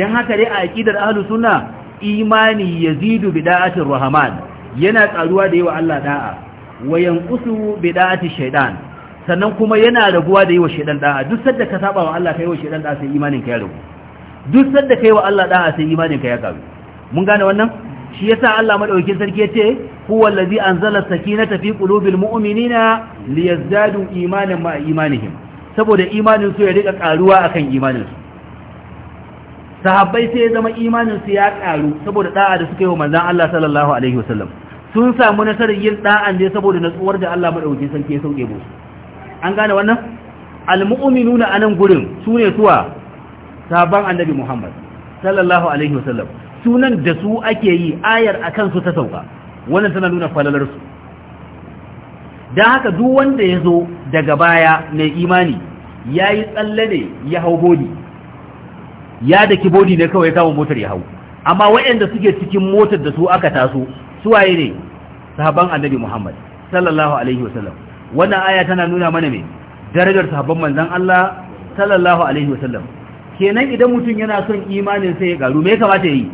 dan haka dai a aqidar ahlus sunna imani yazidu bi da'atir rahman yana karuwa da yawa Allah da'a wa yanqusu bi da'ati shaytan sannan kuma yana raguwa da yawa shaytan da'a duk sanda ka saba wa Allah kai wa shaytan da'a sai imanin ka ya ragu duk sadda kai wa Allah da'a sai imanin ka ya karu mun gane wannan shi yasa Allah madaukakin sarki yace huwa allazi anzala sakinata fi qulubil mu'minina liyazdadu imanan ma imanihim saboda imaninsu ya rika karuwa akan imanin su sahabbai sai ya zama imaninsu ya karu saboda da'a da suka yi wa manzon Allah sallallahu alaihi wasallam sun samu nasarar yin da'an ne saboda natsuwar da Allah madaukakin sarki ya sauke musu an gane wannan almu'minuna anan gurin sune suwa sahabban annabi Muhammad sallallahu alaihi wasallam sunan da su ake yi ayar akan su ta sauka wannan tana nuna falalar su don haka duk wanda ya zo daga baya mai imani ya yi tsalle ne ya hau bodi ya daki bodi ne kawai kama motar ya hau amma waɗanda suke cikin motar da su aka taso suwaye ne sahaban annabi muhammad sallallahu alaihi wasallam wannan aya tana nuna mana me darajar sahabban manzon Allah sallallahu alaihi wasallam kenan idan mutum yana son imanin sai ya garu me ya kamata yi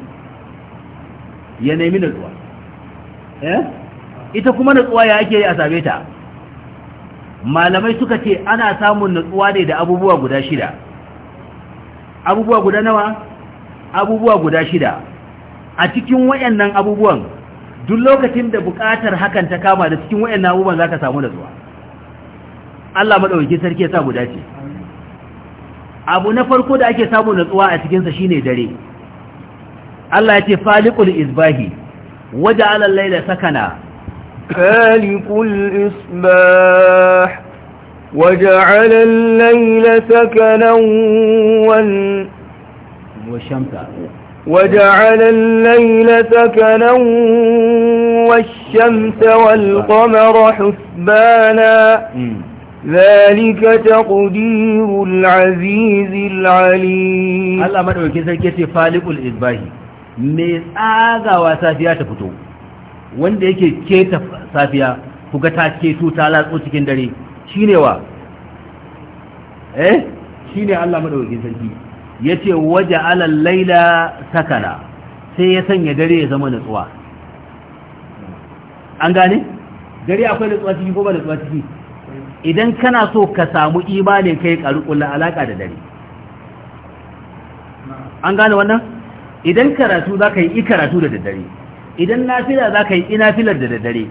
ya nemi natsuwa eh ita kuma natsuwa ya ake yi a same ta malamai suka ce ana samun nutsuwa ne da abubuwa guda shida abubuwa guda nawa abubuwa guda shida a cikin wayannan abubuwan duk lokacin da buƙatar hakan ta kama da cikin wayannan abubuwan zaka samu nutsuwa Allah madauki sarki yasa guda ce abu na farko da ake samu nutsuwa a cikin sa shine dare Allah ya ce faliqul izbahi waja'ala al-layla sakana فالق الإصباح وجعل الليل سكنا وال... والشمس وجعل الليل سكنا والشمس والقمر حسبانا ذلك تقدير العزيز العليم الله مدعوكي سيكي فالق الإصباح ميز آغا وسافيات wanda yake keta safiya ku ga ta keto ta latsu cikin dare shine wa eh shine Allah madaukakin sarki yace waje alal laila sakana sai ya sanya dare ya zama natsuwa an gane dare akwai natsuwa ciki ko ba natsuwa ciki idan kana so ka samu imanin kai karukulla alaka da dare an gane wannan idan karatu za ka yi karatu da daddare idan nafila za ka yi inafilar da daddare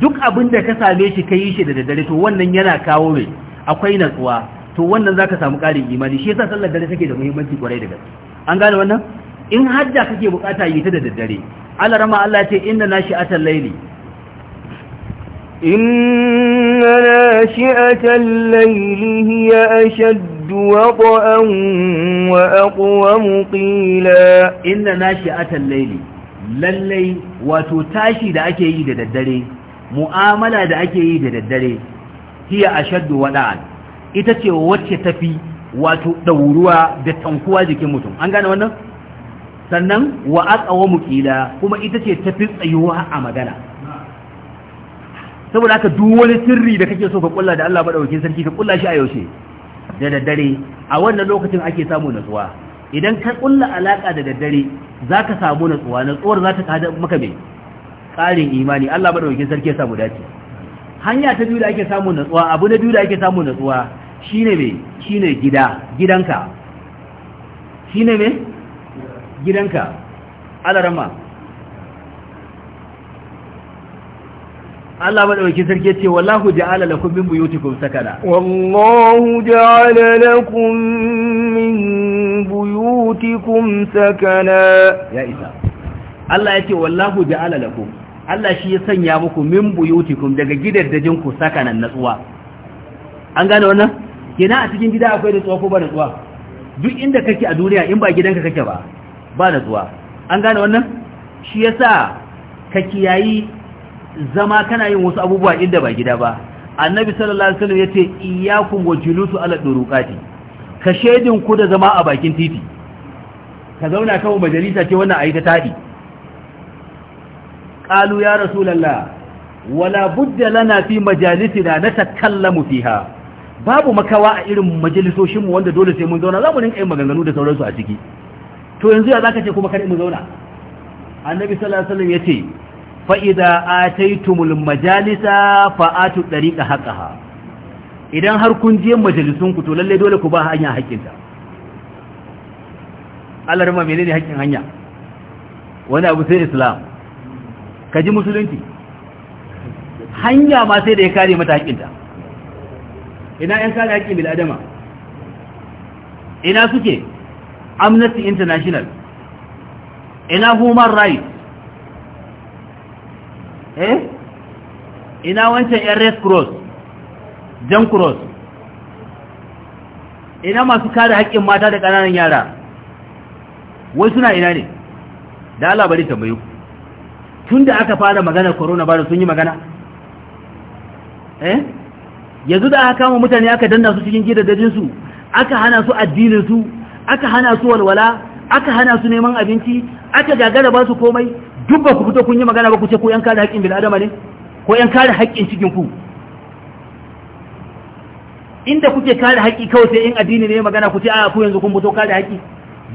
duk abin da ka same shi ka yi shi da daddare to wannan yana kawo mai akwai natsuwa to wannan za ka samu ƙarin imani shi yasa sallar dare take da muhimmanci kwarai da gaske an gane wannan in hajja kake bukata yi ta da daddare Allah rama Allah ce inna nashi'atal layli inna nashi'atal layli hiya ashadd waqan wa aqwam qila inna nashi'atal layli lallai wato tashi da ake yi da daddare mu'amala da ake yi da daddare hiya ashaddu wada'an ita ce wacce tafi wato dauruwa da tankuwa jikin mutum an gane wannan sannan wa aqawamu qila kuma ita ce tafi tsayuwa a magana saboda haka duk wani sirri da kake so ka kulla da Allah madaukakin sarki ka kulla shi a yaushe da daddare a wannan lokacin ake samu nutsuwa idan ka kulla alaka da daddare za ka samu natsuwa natsuwar za ta kada maka mai ƙarin imani Allah ba ɗauki sarki ya samu dace hanya ta biyu da ake samun natsuwa abu na biyu da ake samun natsuwa shine mai shine gida gidanka shine mai gidanka alarama Allah madauki sarki ce wallahu ja'ala lakum min buyutikum sakana wallahu ja'ala lakum min buyutikum sakana ya isa Allah yace wallahu ja'ala lakum Allah shi ya sanya muku min buyutikum daga gidaddajin ku sakanan natsuwa an gane wannan kina a cikin gida akwai natsuwa ko ba natsuwa duk inda kake a duniya in ba gidanka kake ba ba natsuwa an gane wannan shi yasa ka kiyayi zama kana yin wasu abubuwa inda ba gida ba annabi sallallahu alaihi wasallam yace iyyakum wa julusu ala duruqati ka shedin ku da zama a bakin titi ka zauna kawai majalisa ce wannan ayi ta tadi qalu ya rasulullah wala budda lana fi majalisina natakallamu fiha babu makawa a irin majalisoshinmu wanda dole sai mun zauna za mu rinka yin maganganu da sauransu a ciki to yanzu ya zaka ce kuma kar mu zauna annabi sallallahu alaihi wasallam yace fa'ida a taitumul majalisa fa'atu haƙa ha idan har kun je majalisunku to lallai dole ku ba hanya haƙinta allah rama menene haƙin hanya wani abu sai islam ka ji musulunci hanya ma sai da ya kare mata haƙinta ina ‘yan kare haƙin bil'adama ina suke amnesty international ina human rights eh ina wancan yan cross jan cross ina masu kare haƙƙin mata da ƙananan yara wai suna ina ne da Allah bari tun da aka fara magana, maganar coronavirus sun yi magana eh yanzu da aka kama mutane aka danna su cikin gidajen su aka hana su addinin su aka hana su walwala aka hana su neman abinci aka gagara ba su komai duk ba ku fito kun yi magana ba ku ce ko yan kare haƙƙin bil'adama ne ko yan kare haƙƙin cikin ku inda kuke kare haƙƙi kawai sai in addini ne magana ku ce a ku yanzu kun fito kare haƙƙi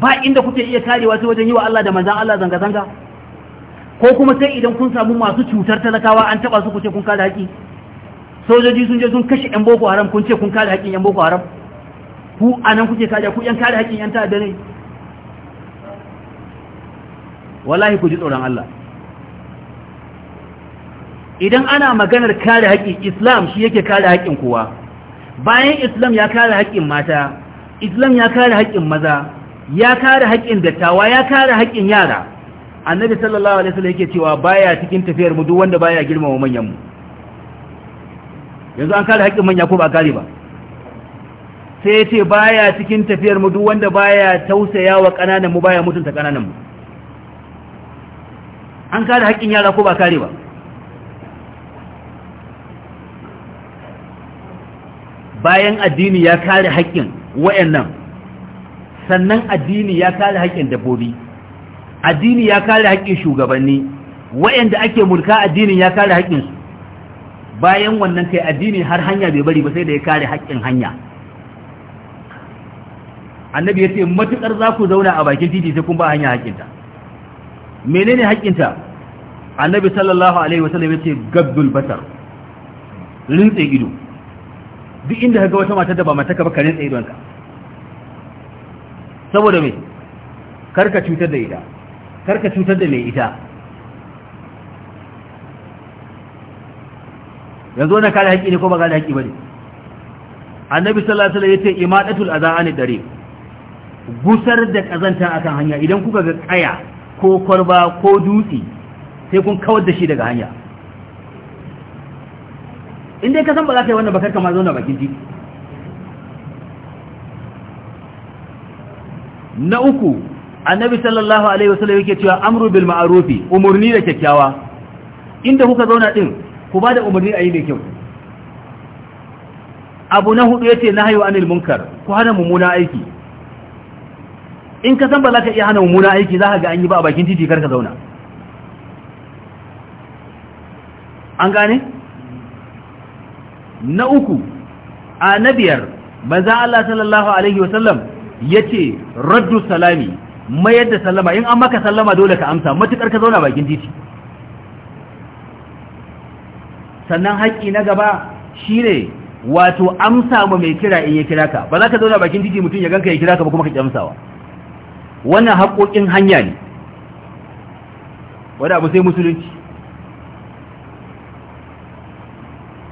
ba inda kuke iya karewa sai wajen yi wa Allah da manzon Allah zanga zanga ko kuma sai idan kun samu masu cutar talakawa an taba su ku ce kun kare haƙƙi sojoji sun je sun kashe yan boko haram kun ce kun kare haƙƙin yan boko haram ku anan kuke kare ku yan kare haƙƙin yan ta'adda ne wallahi ku ji tsoron Allah idan ana maganar kare haƙƙin islam shi yake kare haƙƙin kowa bayan islam ya kare haƙƙin mata islam ya kare haƙƙin maza ya kare haƙƙin dattawa ya kare haƙƙin yara annabi sallallahu alaihi wasallam yake cewa baya cikin tafiyar mu duk wanda baya girmama manyan mu yanzu an kare haƙƙin manya ko ba kare ba sai ya ce baya cikin tafiyar mu duk wanda baya tausaya wa mu baya mutunta kananan mu an kare haƙƙin yara ko ba kare ba bayan addini ya kare haƙƙin wayannan sannan addini ya kare haƙƙin dabbobi addini ya kare haƙƙin shugabanni wayanda ake mulka addinin ya kare haƙƙinsu bayan wannan kai addini har hanya bai bari ba sai da ya kare haƙƙin hanya annabi ya ce matuƙar za ku zauna a bakin titi sai kun ba hanya haƙƙinta menene haƙƙinta annabi sallallahu alaihi wasallam yace gabdul batar rintse ido duk inda kaga wata mata da ba mata ka ba ka rintse idonka saboda me karka cutar da ita karka cutar da mai ita yanzu wannan kare haƙƙi ne ko ba kare haƙƙi bane annabi sallallahu alaihi wasallam yace imadatul adha'ani dare gusar da kazanta akan hanya idan kuka ga kaya ko kwarba ko dutse sai kun kawar da shi daga hanya in dai ka san ba za ka yi wannan bakar kama zauna bakin titi na uku annabi sallallahu alaihi wasallam yake cewa amru bil ma'rufi umurni da kyakkyawa inda kuka zauna din ku bada umarni a yi mai kyau abu na hudu ya ce na haihu anil munkar ku hana mummuna aiki in ka san ba za ka iya hana mummuna aiki za ka ga an yi ba a bakin titi kar ka zauna an gane na uku a na biyar maza Allah sallallahu alaihi wasallam ce, raddu salami mayar da sallama in an maka sallama dole ka amsa matukar ka zauna bakin titi sannan haƙƙi na gaba shi ne, wato amsa mu mai kira in ya kira ka ba za ka zauna bakin titi mutum ya ganka ya kira ka ba kuma ka ƙi amsawa wannan haƙoƙin hanya ne wani abu sai musulunci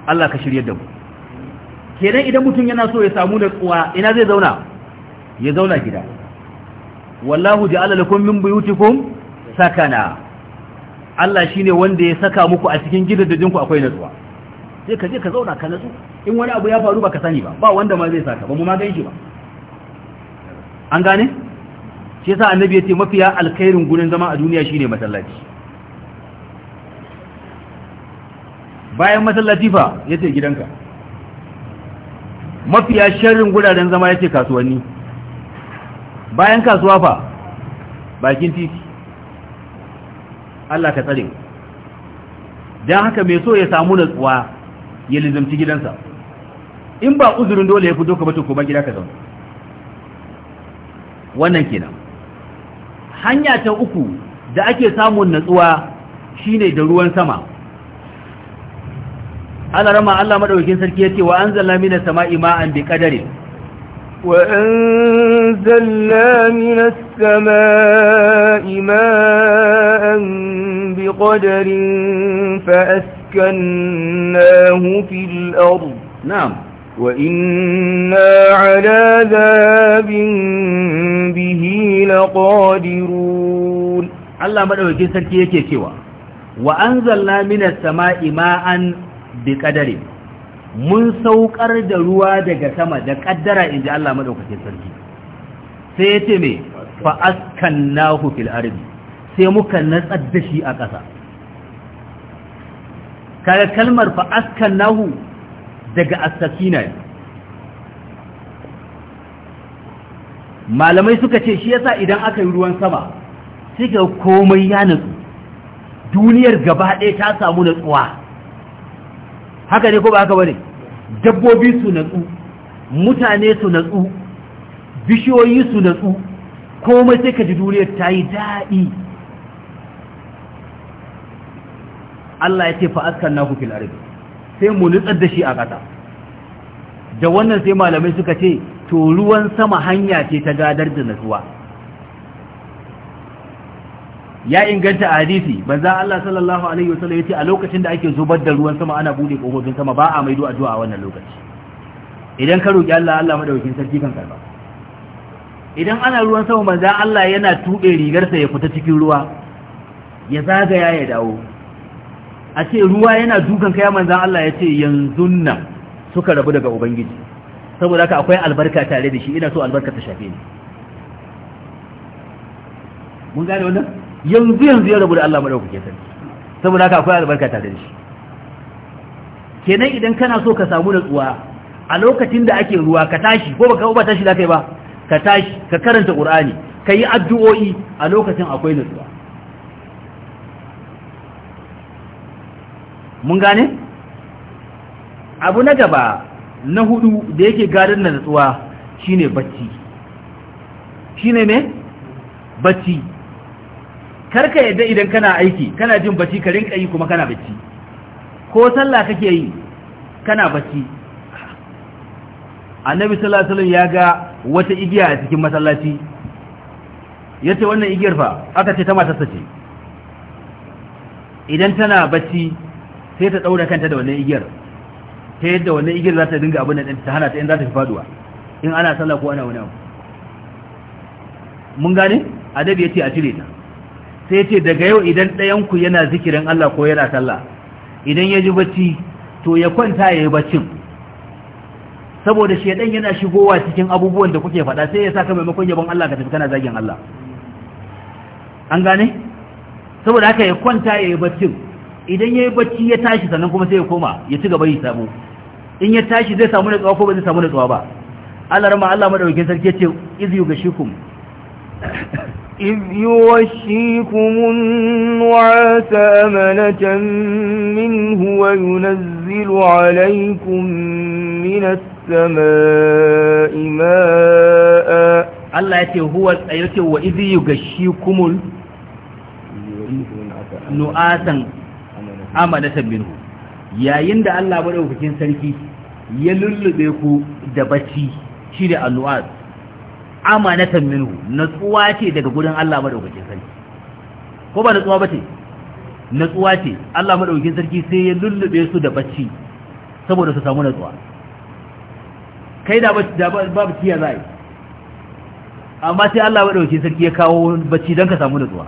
Allah ka shirya da mu kenan idan mutum yana so ya samu da tsuwa ina zai zauna ya zauna gida wallahu ja'ala lakum min buyutikum sakana Allah shine wanda ya saka muku a cikin gidajenku akwai natsuwa sai ka je ka zauna ka natsu in wani abu ya faru ba ka sani ba ba wanda ma zai saka ba mu ma gan shi ba an gane shi yasa annabi ya ce mafiya alkhairin gurin zama a duniya shine masallaci bayan masallaci fa ya ce gidanka mafiya sharrin guraren zama ya ce kasuwanni bayan kasuwa fa bakin titi Allah ka tsare don haka mai so ya samu natsuwa ya lizamci gidansa in ba uzurin dole ya fito ka bato kuma gida ka zauna wannan kenan hanya ta uku da ake samun natsuwa shine da ruwan sama Allah rama Allah madaukakin sarki yace wa anzalna minas sama'i ma'an bi qadari wa anzalna minas sama'i ma'an bi qadarin fa askannahu fil na'am وإنا على ذهاب به لقادرون الله مدعوكي سركي يكي كيوا وأنزلنا من السماء ماء بقدر mun saukar da ruwa daga sama da ƙaddara in ji Allah maɗaukakin sarki sai ya mai fa'askan nahu fil arbi sai muka natsar da shi a ƙasa kaga kalmar fa'askan nahu daga asasina ne, malamai suka ce shi yasa idan aka yi ruwan sama sai ga komai ya natsu, duniyar gaba ɗaya ta samu natsuwa haka ne ko ba haka bane dabbobi su natsu mutane su natsu bishiyoyi su natsu komai sai ka ji duniyar ta yi daɗi Allah ya ce fa'askan na hukin arziki sai mu nutsar da shi a ƙasa da wannan sai malamai suka ce to ruwan sama hanya ce ta gadar da nutsuwa. ya inganta a hadisi banza Allah sallallahu alaihi wasallam yace a lokacin da ake zubar da ruwan sama ana bude kofofin sama ba a maido addu'a a wannan lokaci idan ka roki Allah Allah madaukakin sarki kan karba idan ana ruwan sama banza Allah yana tuɓe rigarsa ya fita cikin ruwa ya zagaya ya dawo a ce ruwa yana dukan kai manzan Allah ya ce yanzu nan suka rabu daga ubangiji saboda haka akwai albarka tare da shi ina so albarka ta shafe ni mun gane wannan yanzu yanzu ya rabu da Allah ke sarki saboda haka akwai albarka tare da shi kenan idan kana so ka samu natsuwa a lokacin da ake ruwa ka tashi ko baka ba tashi da kai ba ka tashi ka karanta qur'ani ka yi addu'o'i a lokacin akwai natsuwa mun gane abu na gaba na hudu da yake gadar na natsuwa shine bacci shine me bacci karka yadda idan kana aiki kana jin bacci ka rinka yi kuma kana bacci ko sallah kake yi kana bacci annabi sallallahu alaihi wasallam ya ga wata igiya a cikin masallaci yace wannan igiyar fa aka ce ta matarsa ce idan tana bacci sai ta daura kanta da wannan igiyar ta yadda wannan igiyar za ta dinga abin da ta hana ta in za ta fi faduwa in ana sallah ko ana wani abu mun gane adabi ya ce a cire ta sai ce daga yau idan ɗayanku yana zikirin Allah ko yana sallah idan ya ji bacci to ya kwanta ya yi baccin saboda shaidan yana shigowa cikin abubuwan da kuke faɗa sai ya sa ka maimakon yabon Allah ka tafi kana zagin Allah an gane saboda haka ya kwanta ya yi baccin idan ya yi bacci ya tashi sannan kuma sai ya koma ya ci gaba yi samu in ya tashi zai samu da tsawa ko ba zai samu da tsawa ba Allah rama Allah madaukakin sarki ya ce iz yugashikum iz yuwashikum nu'asa amanatan minhu wa yunazzilu alaykum minas samaa'i ma'a Allah yace huwa yace wa iz yugashikum nu'asan amanatan minhu yayin da Allah madaukakin sarki ya lullube ku da bacci shi da annuwar amanatan minhu natsuwa ce daga gurin Allah madaukakin sarki ko ba natsuwa bace natsuwa ce Allah madaukakin sarki sai ya lullube su da bacci saboda su samu natsuwa kai da babu tiya za yi amma sai Allah madaukakin sarki ya kawo bacci don ka samu natsuwa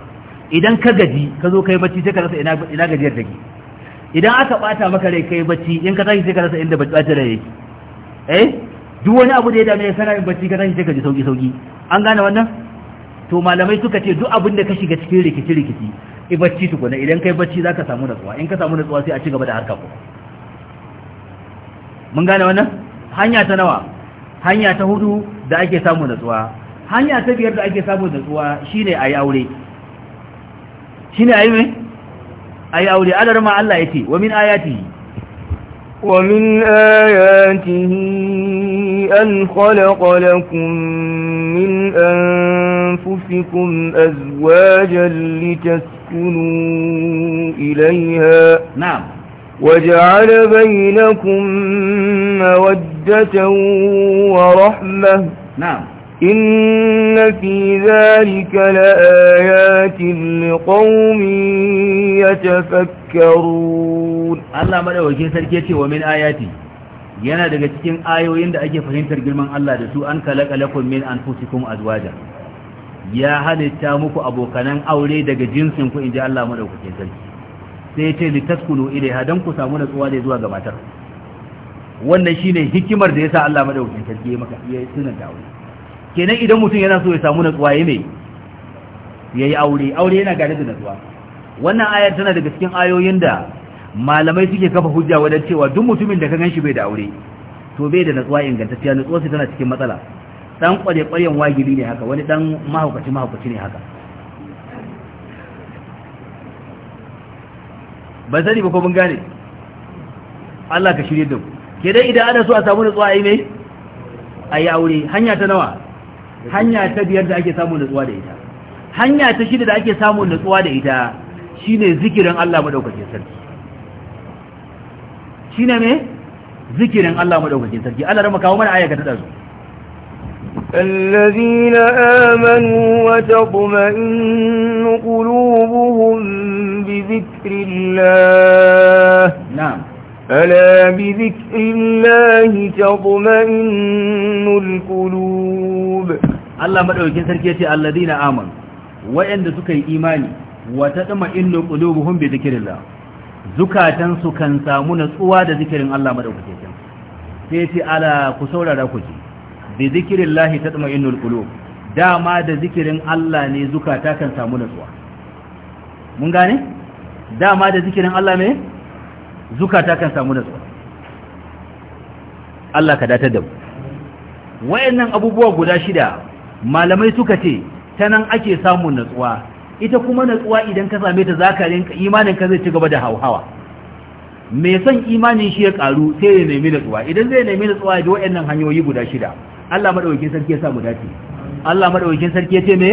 idan ka gaji ka zo kai bacci sai ka rasa ina gajiyar take idan aka bata maka rai kai bacci in ka tashi sai ka rasa inda bata rai yake eh duk wani abu da ya dame kana yin bacci ka tashi sai ka ji sauki sauki an gane wannan to malamai suka ce duk abin da ka shiga cikin rikici rikici i bacci tukuna idan kai bacci zaka samu natsuwa in ka samu natsuwa sai a ci gaba da harka ko mun gane wannan hanya ta nawa hanya ta hudu da ake samu natsuwa hanya ta biyar da ake samu natsuwa shine ayi aure shine ayi mai أي أولي ألا رمى الله يتي ومن آياته ومن آياته أن خلق لكم من أنفسكم أزواجا لتسكنوا إليها نعم وجعل بينكم مودة ورحمة نعم إن في ذلك لآيات لقوم يتفكرون الله مدى وجه سركيتي ومن آياتي yana daga cikin ayoyin da ake fahimtar girman Allah da su an kalaka lakum min anfusikum azwaja ya halitta muku abokanan aure daga jinsin ku inji Allah madaukakin sarki sai ya ce taskunu ilaiha dan ku samu natsuwa da zuwa ga matar wannan shine hikimar da yasa Allah madaukakin sarki ya maka ya sunan da aure kenan idan mutum yana so ya samu natsuwa ya mai ya yi aure aure yana gane da natsuwa wannan ayar tana daga cikin ayoyin da malamai suke kafa hujja wajen cewa duk mutumin da ka gan shi bai da aure to bai da natsuwa ingantacciya sai tana cikin matsala dan kware-kwaren wagiri ne haka wani dan mahaukaci-mahaukaci ne haka ban sani ba ko mun gane Allah ka shirye da ku ke dai idan ana so a samu natsuwa a yi mai a yi aure hanya ta nawa hanya ta biyar da ake samun nutsuwa da ita hanya ta shida da ake samun nutsuwa da ita shine zikirin Allah madaukakin sarki shine me zikirin Allah madaukakin sarki Allah ya makawo mana ayyuka ta dazu الذين آمنوا وتطمئن قلوبهم بذكر الله نعم ألا بذكر الله تطمئن القلوب الله مدعوكين سركيتي الذين آمن وإن سكي إيماني وتطمئن قلوبهم بذكر الله زكاة سكن سامون سواد ذكر الله مدعو مدعوكين سيتي على قصول ركوتي بذكر الله تطمئن القلوب dama da zikirin Allah ne zukata kan samu natsuwa mun دا ما da ذكر الله مدعو zukata kan samu nasu Allah ka datar da mu wayannan abubuwa guda shida malamai suka ce ta nan ake samun natsuwa ita kuma natsuwa idan ka same ta zaka rinka imanin ka zai ci gaba da hauhawa Me son imanin shi ya karu sai ya nemi natsuwa idan zai nemi natsuwa ya bi wayannan hanyoyi guda shida Allah madaukakin sarki ya sa mu dace Allah madaukakin sarki ya ce me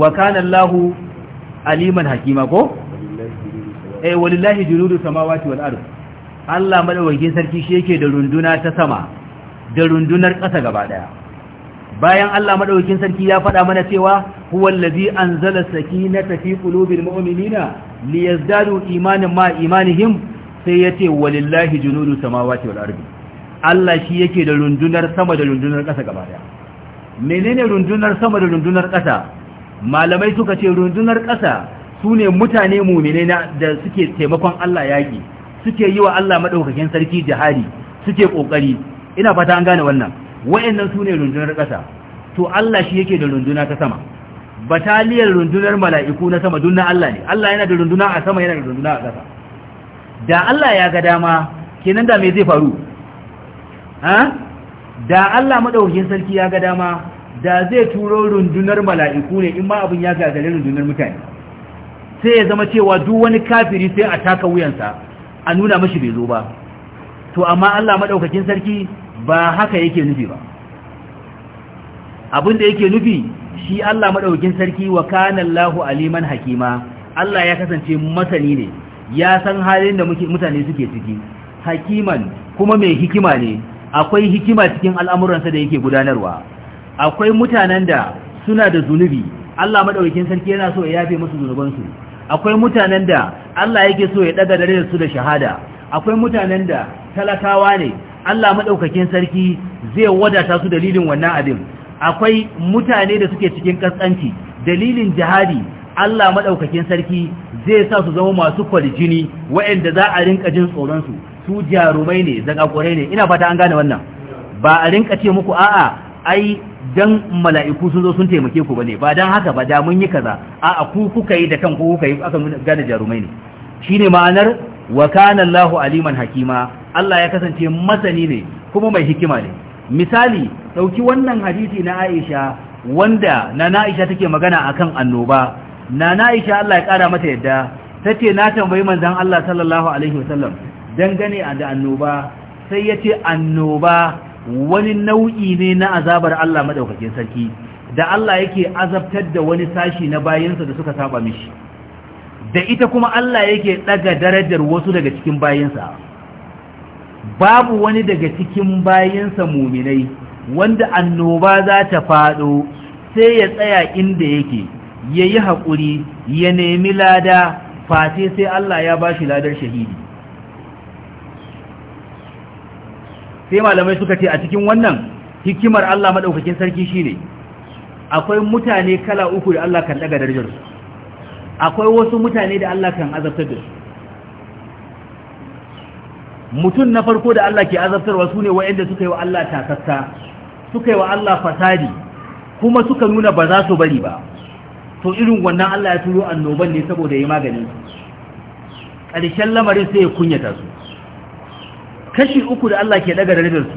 wa kana Allahu aliman hakima ko eh wallahi jurudu samawati wal ard Allah madawaki sarki shi yake da runduna ta sama da rundunar ƙasa gaba daya bayan Allah madaukakin sarki ya faɗa mana cewa huwal ladhi anzala sakinata fi qulubil mu'minina liyazdadu imanan ma imanihim sai yace wallahi jurudu samawati wal ard Allah shi yake da rundunar sama da rundunar ƙasa gaba daya menene rundunar sama da rundunar ƙasa malamai suka ce rundunar ƙasa su ne mutane mumine da suke taimakon Allah yaƙi suke yi wa Allah maɗaukakin sarki jihadi suke ƙoƙari ina fata an gane wannan wa'annan su ne rundunar ƙasa to Allah shi yake da runduna ta sama bataliyar rundunar mala'iku na sama dun na Allah ne Allah yana da runduna a sama yana da runduna a ƙasa da Allah ya ga dama kenan da me zai faru ha da Allah maɗaukakin sarki ya ga dama da zai turo rundunar mala'iku ne in ma abin ya gagare rundunar mutane sai ya zama cewa duk wani kafiri sai a taka wuyansa a nuna mashi bai zo ba to amma Allah madaukakin sarki ba haka yake nufi ba abin da yake nufi shi Allah madaukakin sarki wa kana Allahu aliman hakima Allah ya kasance masani ne ya san halin da mutane suke ciki hakiman kuma mai hikima ne akwai hikima cikin al'amuransa da yake gudanarwa akwai mutanen da suna da zunubi Allah madaukakin sarki yana so ya yafe musu zunubansu akwai mutanen da Allah yake so ya daga dare da su da shahada akwai mutanen da talakawa ne Allah maɗaukakin sarki zai wadata su dalilin wannan abin akwai mutane da suke cikin kaskanci dalilin jihadi Allah maɗaukakin sarki zai sa su zama masu kwaljini waɗanda za a rinka jin tsoronsu su jarumai ne zakakurai ne ina fata an gane wannan ba a rinka ce muku a'a ai dan mala'iku sun zo sun taimake ku bane ba dan haka ba da mun yi kaza a ku kuka yi da kan ku kuka yi aka gane jarumai ne shine ma'anar wa kana Allahu aliman hakima Allah ya kasance masani ne kuma mai hikima ne misali dauki wannan hadisi na Aisha wanda na Aisha take magana akan annoba na Aisha Allah ya kara mata yadda tace na tambayi manzon Allah sallallahu alaihi wasallam dangane da annoba sai yace annoba wani nau'i ne na azabar Allah madaukakin sarki da Allah yake azabtar da wani sashi na bayansa da suka saba mishi da ita kuma Allah yake daga darajar wasu daga cikin bayansa babu wani daga cikin bayansa muminai wanda annoba za ta faɗo sai ya tsaya inda yake ya yi haƙuri ya nemi lada face sai Allah ya ba shi ladar shahidi sai malamai suka ce a cikin wannan hikimar Allah maɗaukakin sarki shine akwai mutane kala uku da Allah kan daga darajar su akwai wasu mutane da Allah kan azabtar da su mutum na farko da Allah ke azabtarwa su ne wa'anda suka yi wa Allah takasta suka yi wa Allah fasadi kuma suka nuna ba za su bari ba to irin wannan Allah ya turo annoban ne saboda ya yi magani ƙarshen lamarin sai ya kunyata su kashi uku da Allah ke daga darajar su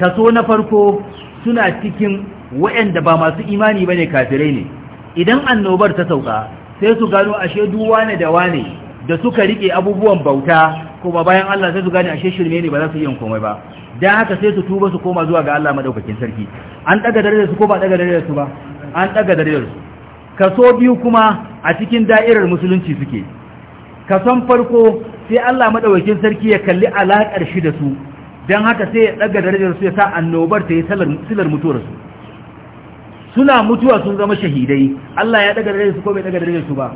kaso na farko suna cikin waɗanda ba masu imani bane kafirai ne idan annobar ta sauka sai su gano ashe duwa ne da wane da suka rike abubuwan bauta kuma bayan Allah sai su gane ashe shirme ne ba za su yi komai ba dan haka sai su tuba su koma zuwa ga Allah madaukakin sarki an daga darajar su ko ba daga darajar su ba an daga darajar su kaso biyu kuma a cikin da'irar musulunci suke kasan farko sai Allah madaukakin sarki ya kalli alaƙar shi da su dan haka sai ya ɗaga darajar su ya sa annobar ta yi silar mutuwar su suna mutuwa sun zama shahidai Allah ya ɗaga darajar su ko bai ɗaga darajar su ba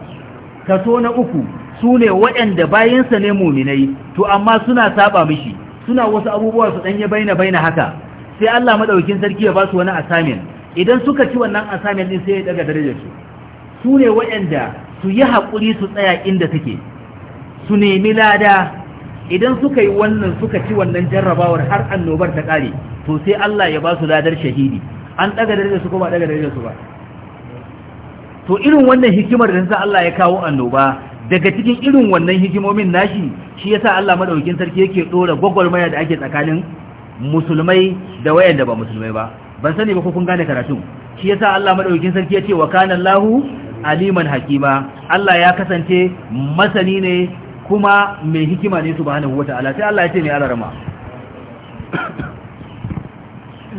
kaso na uku su ne waɗanda bayansa ne muminai to amma suna saba mishi suna wasu abubuwa su danye baina baina haka sai Allah madaukakin sarki ya ba su wani asamin, idan suka ci wannan assignment din sai ya ɗaga darajar su su ne waɗanda su yi hakuri su tsaya inda suke su nemi lada idan suka yi wannan suka ci wannan jarrabawar har annobar ta kare to sai Allah ya ba su ladar shahidi an daga da su ko ba daga da su ba to irin wannan hikimar da sa Allah ya kawo annoba daga cikin irin wannan hikimomin nashi shi yasa Allah madaukakin sarki yake dora gwagwarmaya da ake tsakanin musulmai da wayanda ba musulmai ba ban sani ba ko kun gane karatu shi yasa Allah madaukakin sarki ya ce wa kana Allahu aliman hakima Allah ya kasance masani ne kuma mai hikima ne subhanahu wata'ala sai Allah ya ce ne alarama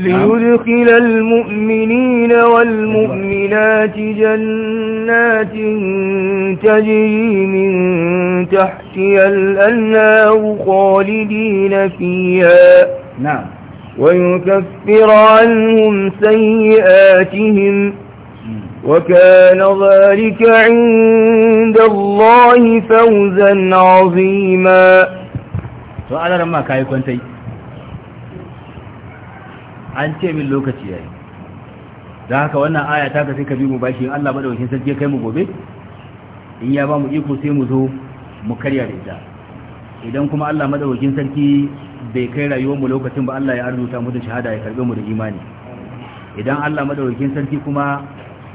ليدخل المؤمنين والمؤمنات جنات تجري من تحتها الأنهار خالدين فيها نعم ويكفر عنهم سيئاتهم وكان ذلك عند الله فوزا عظيما سؤال رما كاي كنتي an ce min lokaci yayi da haka wannan aya ta ka sai ka bi mu bashi in Allah madaukakin sarki ya kai mu gobe in ya ba mu iko sai mu zo mu karya da ita idan kuma Allah madaukakin sarki bai kai rayuwar mu lokacin ba Allah ya arzuta mu da shahada ya karbe mu da imani idan Allah madaukakin sarki kuma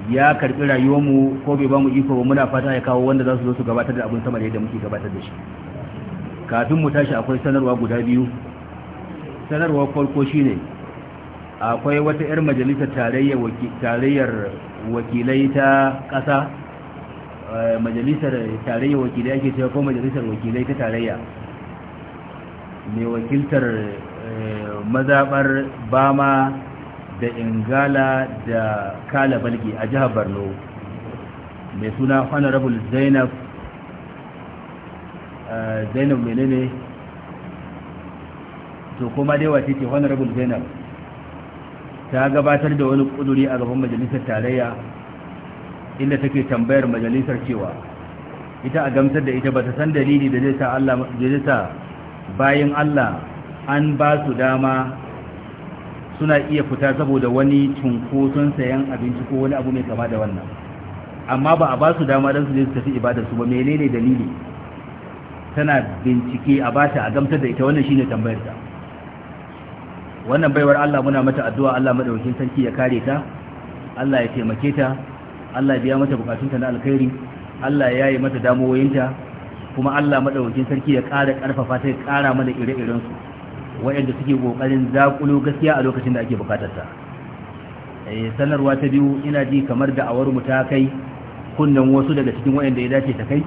ya karbi rayuwar mu ko bai ba mu iko ba muna fata ya kawo wanda za su zo su gabatar da abin sama da yadda muke gabatar da shi kafin mu tashi akwai sanarwa guda biyu sanarwa farko shine akwai wata 'yar majalisar tarayyar wakilai ta ƙasa eh, majalisar tarayyar wakilai ake cewa ko majalisar wakilai ta tarayya mai wakiltar eh, mazaɓar bama da ingala da kala balgi a jihar borno mai suna honorable zainab eh, zainab menene to kuma dai wace ce honorable zainab ta gabatar da wani kuduri a gaban majalisar tarayya inda take tambayar majalisar cewa ita a gamsar da ita ba ta san dalili da zai sa bayan Allah an ba su dama suna iya fita saboda wani cunkoson sayan abinci ko wani abu mai kama da wannan amma ba a ba su dama don su je su tafi ibada su ba menene dalili tana bincike a bata a gamsar da ita wannan shine tambayar ta wannan baiwar Allah muna mata addu'a Allah madaukakin sarki ya kare ta Allah ya taimake ta Allah ya biya mata bukatunta na alkhairi Allah ya yi mata damuwoyinta kuma Allah madaukakin sarki ya ƙara ƙarfafa ta ya ƙara mana ire iren su. waɗanda suke ƙoƙarin zaƙulo gaskiya a lokacin da ake bukatarta eh, sanarwa ta biyu ina ji kamar da awar mu ta kai kunnen wasu daga cikin waɗanda ya dace ta kai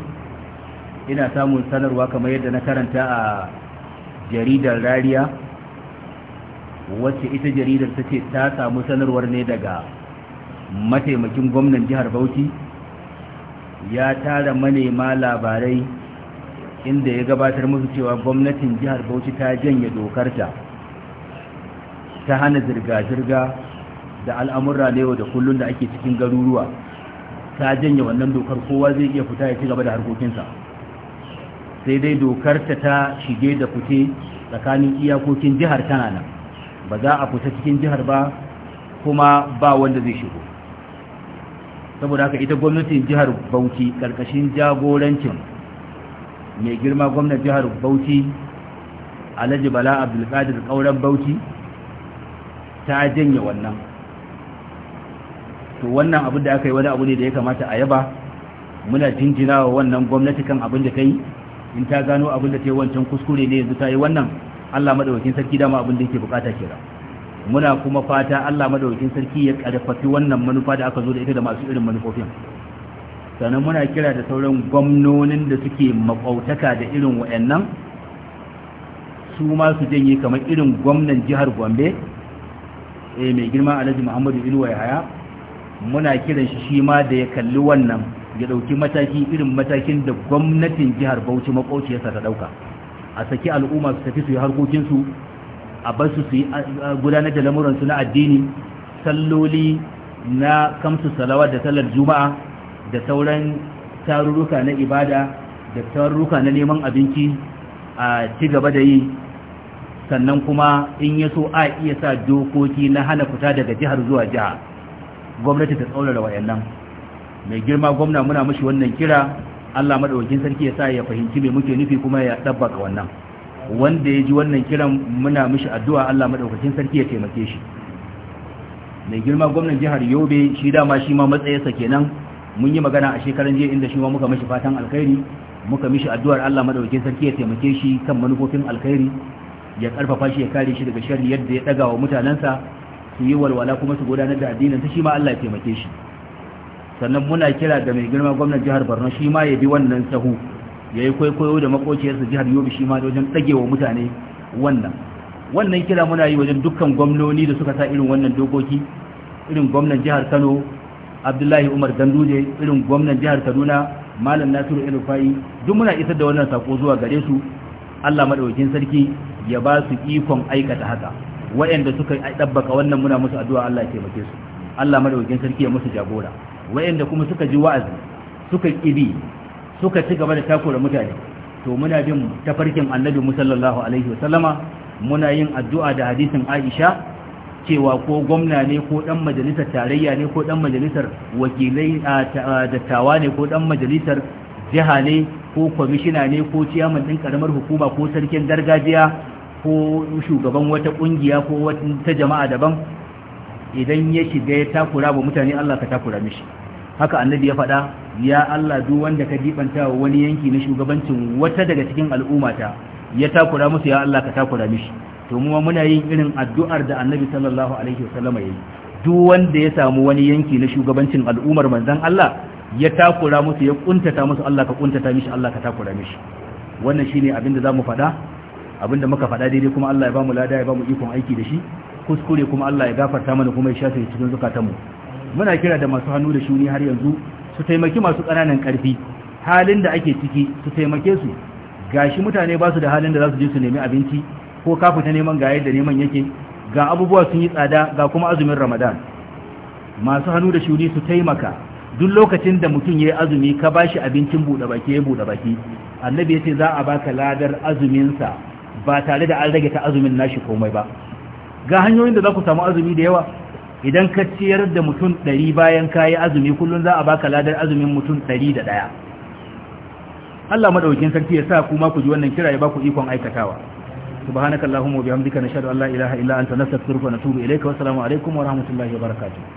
ina samun sanarwa kamar yadda na karanta a jaridar rariya wacce ita jaridar ta ce ta samu sanarwar ne daga mataimakin gwamnan jihar bauchi ya tara manema labarai inda ya gabatar musu cewa gwamnatin jihar bauchi ta janye dokarta ta hana zirga-zirga da al'amurra na yau da kullum da ake cikin garuruwa ta janye wannan dokar kowa zai iya fita ya ci gaba da harkokinsa sai dai dokarta ta shige da fute tsakanin iyakokin jihar tana nan ba za a fita cikin jihar ba kuma ba wanda zai shigo saboda haka ita gwamnatin jihar bauchi karkashin jagorancin mai girma gwamnan jihar bauchi alhaji bala abdulkadir kauran bauchi ta janye wannan to wannan abin da aka yi wani abu ne da ya kamata a yaba muna jinjina wa wannan gwamnati kan abin da ka yi in ta gano abin da ta yi wancan kuskure ne yanzu ta yi wannan allah maɗaukakin sarki dama abin da yake bukata kira muna kuma fata allah maɗaukakin sarki ya ƙarfafi wannan manufa da aka zo da ita da masu irin manufofin sannan muna kira da sauran gwamnonin da suke makautaka da irin wa'annan su ma su janye kamar irin gwamnan jihar gombe eh, mai girma alhaji muhammadu inuwa yahaya muna kiran shi shi ma da ya kalli wannan ya ɗauki mataki irin matakin da gwamnatin jihar bauchi yasa ta ɗauka a saki al'umma su tafi su yi harkokinsu a bar su yi gudanar da lamuransu na addini salloli na kamsu salawa da sallar juma'a da sauran tarurruka na ibada da tarurruka na neman abinci a ci gaba da yi sannan kuma in ya so a iya sa dokoki na hana fita daga jihar zuwa jiha gwamnati ta tsaurara wayannan mai girma gwamna muna mashi wannan kira Allah maɗaukin sarki ya sa ya fahimci me muke nufi kuma ya dabbaka wannan wanda ya ji wannan kiran muna mashi addu'a Allah madaukakin sarki ya taimake shi mai girma gwamnan jihar Yobe shi dama shi ma matsayinsa kenan mun yi magana a shekaran jiya inda shi ma muka mashi fatan alkhairi muka mishi addu'ar Allah madaukakin sarki ya taimake shi kan manufofin alkhairi ya karfafa shi ya kare shi daga sharri yadda ya daga wa mutanansa su yi walwala kuma su gudanar da addinin shi ma Allah ya taimake shi sannan muna kira ga mai girma gwamnatin jihar Borno shi ma ya bi wannan sahu ya yi kwaikwayo da makociyarsa jihar Yobe shi ma da wajen dagewa mutane wannan wannan kira muna yi wajen dukkan gwamnoni da suka sa irin wannan dokoki irin gwamnan jihar Kano abdullahi umar danduje irin gwamnan jihar kaduna malam nasiru el duk muna isar da wannan sako zuwa gare su allah maɗaukin sarki ya ba su ikon aikata haka waɗanda suka ɗabbaka wannan muna musu addu'a allah ya taimake su allah maɗaukin sarki ya musu jagora waɗanda kuma suka ji wa'azi suka ƙibi suka ci gaba da takura mutane to muna bin tafarkin annabi musallallahu alaihi wa sallama muna yin addu'a da hadisin aisha cewa ko gwamna ne ko ɗan majalisar tarayya ne ko dan majalisar wakilai a dattawa ne ko dan majalisar jiha ne ko kwamishina ne ko ciyaman din karamar hukuma ko sarkin gargajiya ko shugaban wata kungiya ko ta jama'a daban idan ya shiga ya takura ba mutane Allah ka takura mishi haka annabi ya faɗa ya Allah duk wanda ka dibanta wani yanki na shugabancin wata daga cikin al'umma ta ya takura musu ya Allah ka takura mishi to mu muna yin irin addu'ar da annabi sallallahu alaihi wasallam ya duk wanda ya samu wani yanki na shugabancin al'ummar manzon Allah ya takura musu ya kuntata musu Allah ka kuntata mishi Allah ka takura mishi wannan shine abin da zamu faɗa abin da muka faɗa daidai kuma Allah ya bamu lada ya bamu ikon aiki da shi kuskure kuma Allah ya gafarta mana kuma ya shafe cikin zukatanmu muna kira da masu hannu da shuni har yanzu su taimaki masu ƙananan ƙarfi halin da ake ciki su taimake su gashi mutane ba su da halin da za su je su nemi abinci ko ka fita neman ga yadda neman yake ga abubuwa sun yi tsada ga kuma azumin ramadan masu hannu da shuni su taimaka duk lokacin da mutum ya yi azumi ka ba shi abincin buɗe baki ya buɗe baki annabi ya ce za a baka ladar azuminsa ba tare da an rage ta azumin nashi komai ba ga hanyoyin da za ku samu azumi da yawa idan ka ciyar da mutum ɗari bayan ka yi azumi kullum za a baka ladar azumin mutum ɗari da ɗaya Allah maɗaukin sarki ya sa kuma ku ji wannan kira ya ba ku ikon aikatawa subhanakallahumma wa bihamdika nashhadu an la ilaha illa anta nastaghfiruka wa natubu ilayka wa assalamu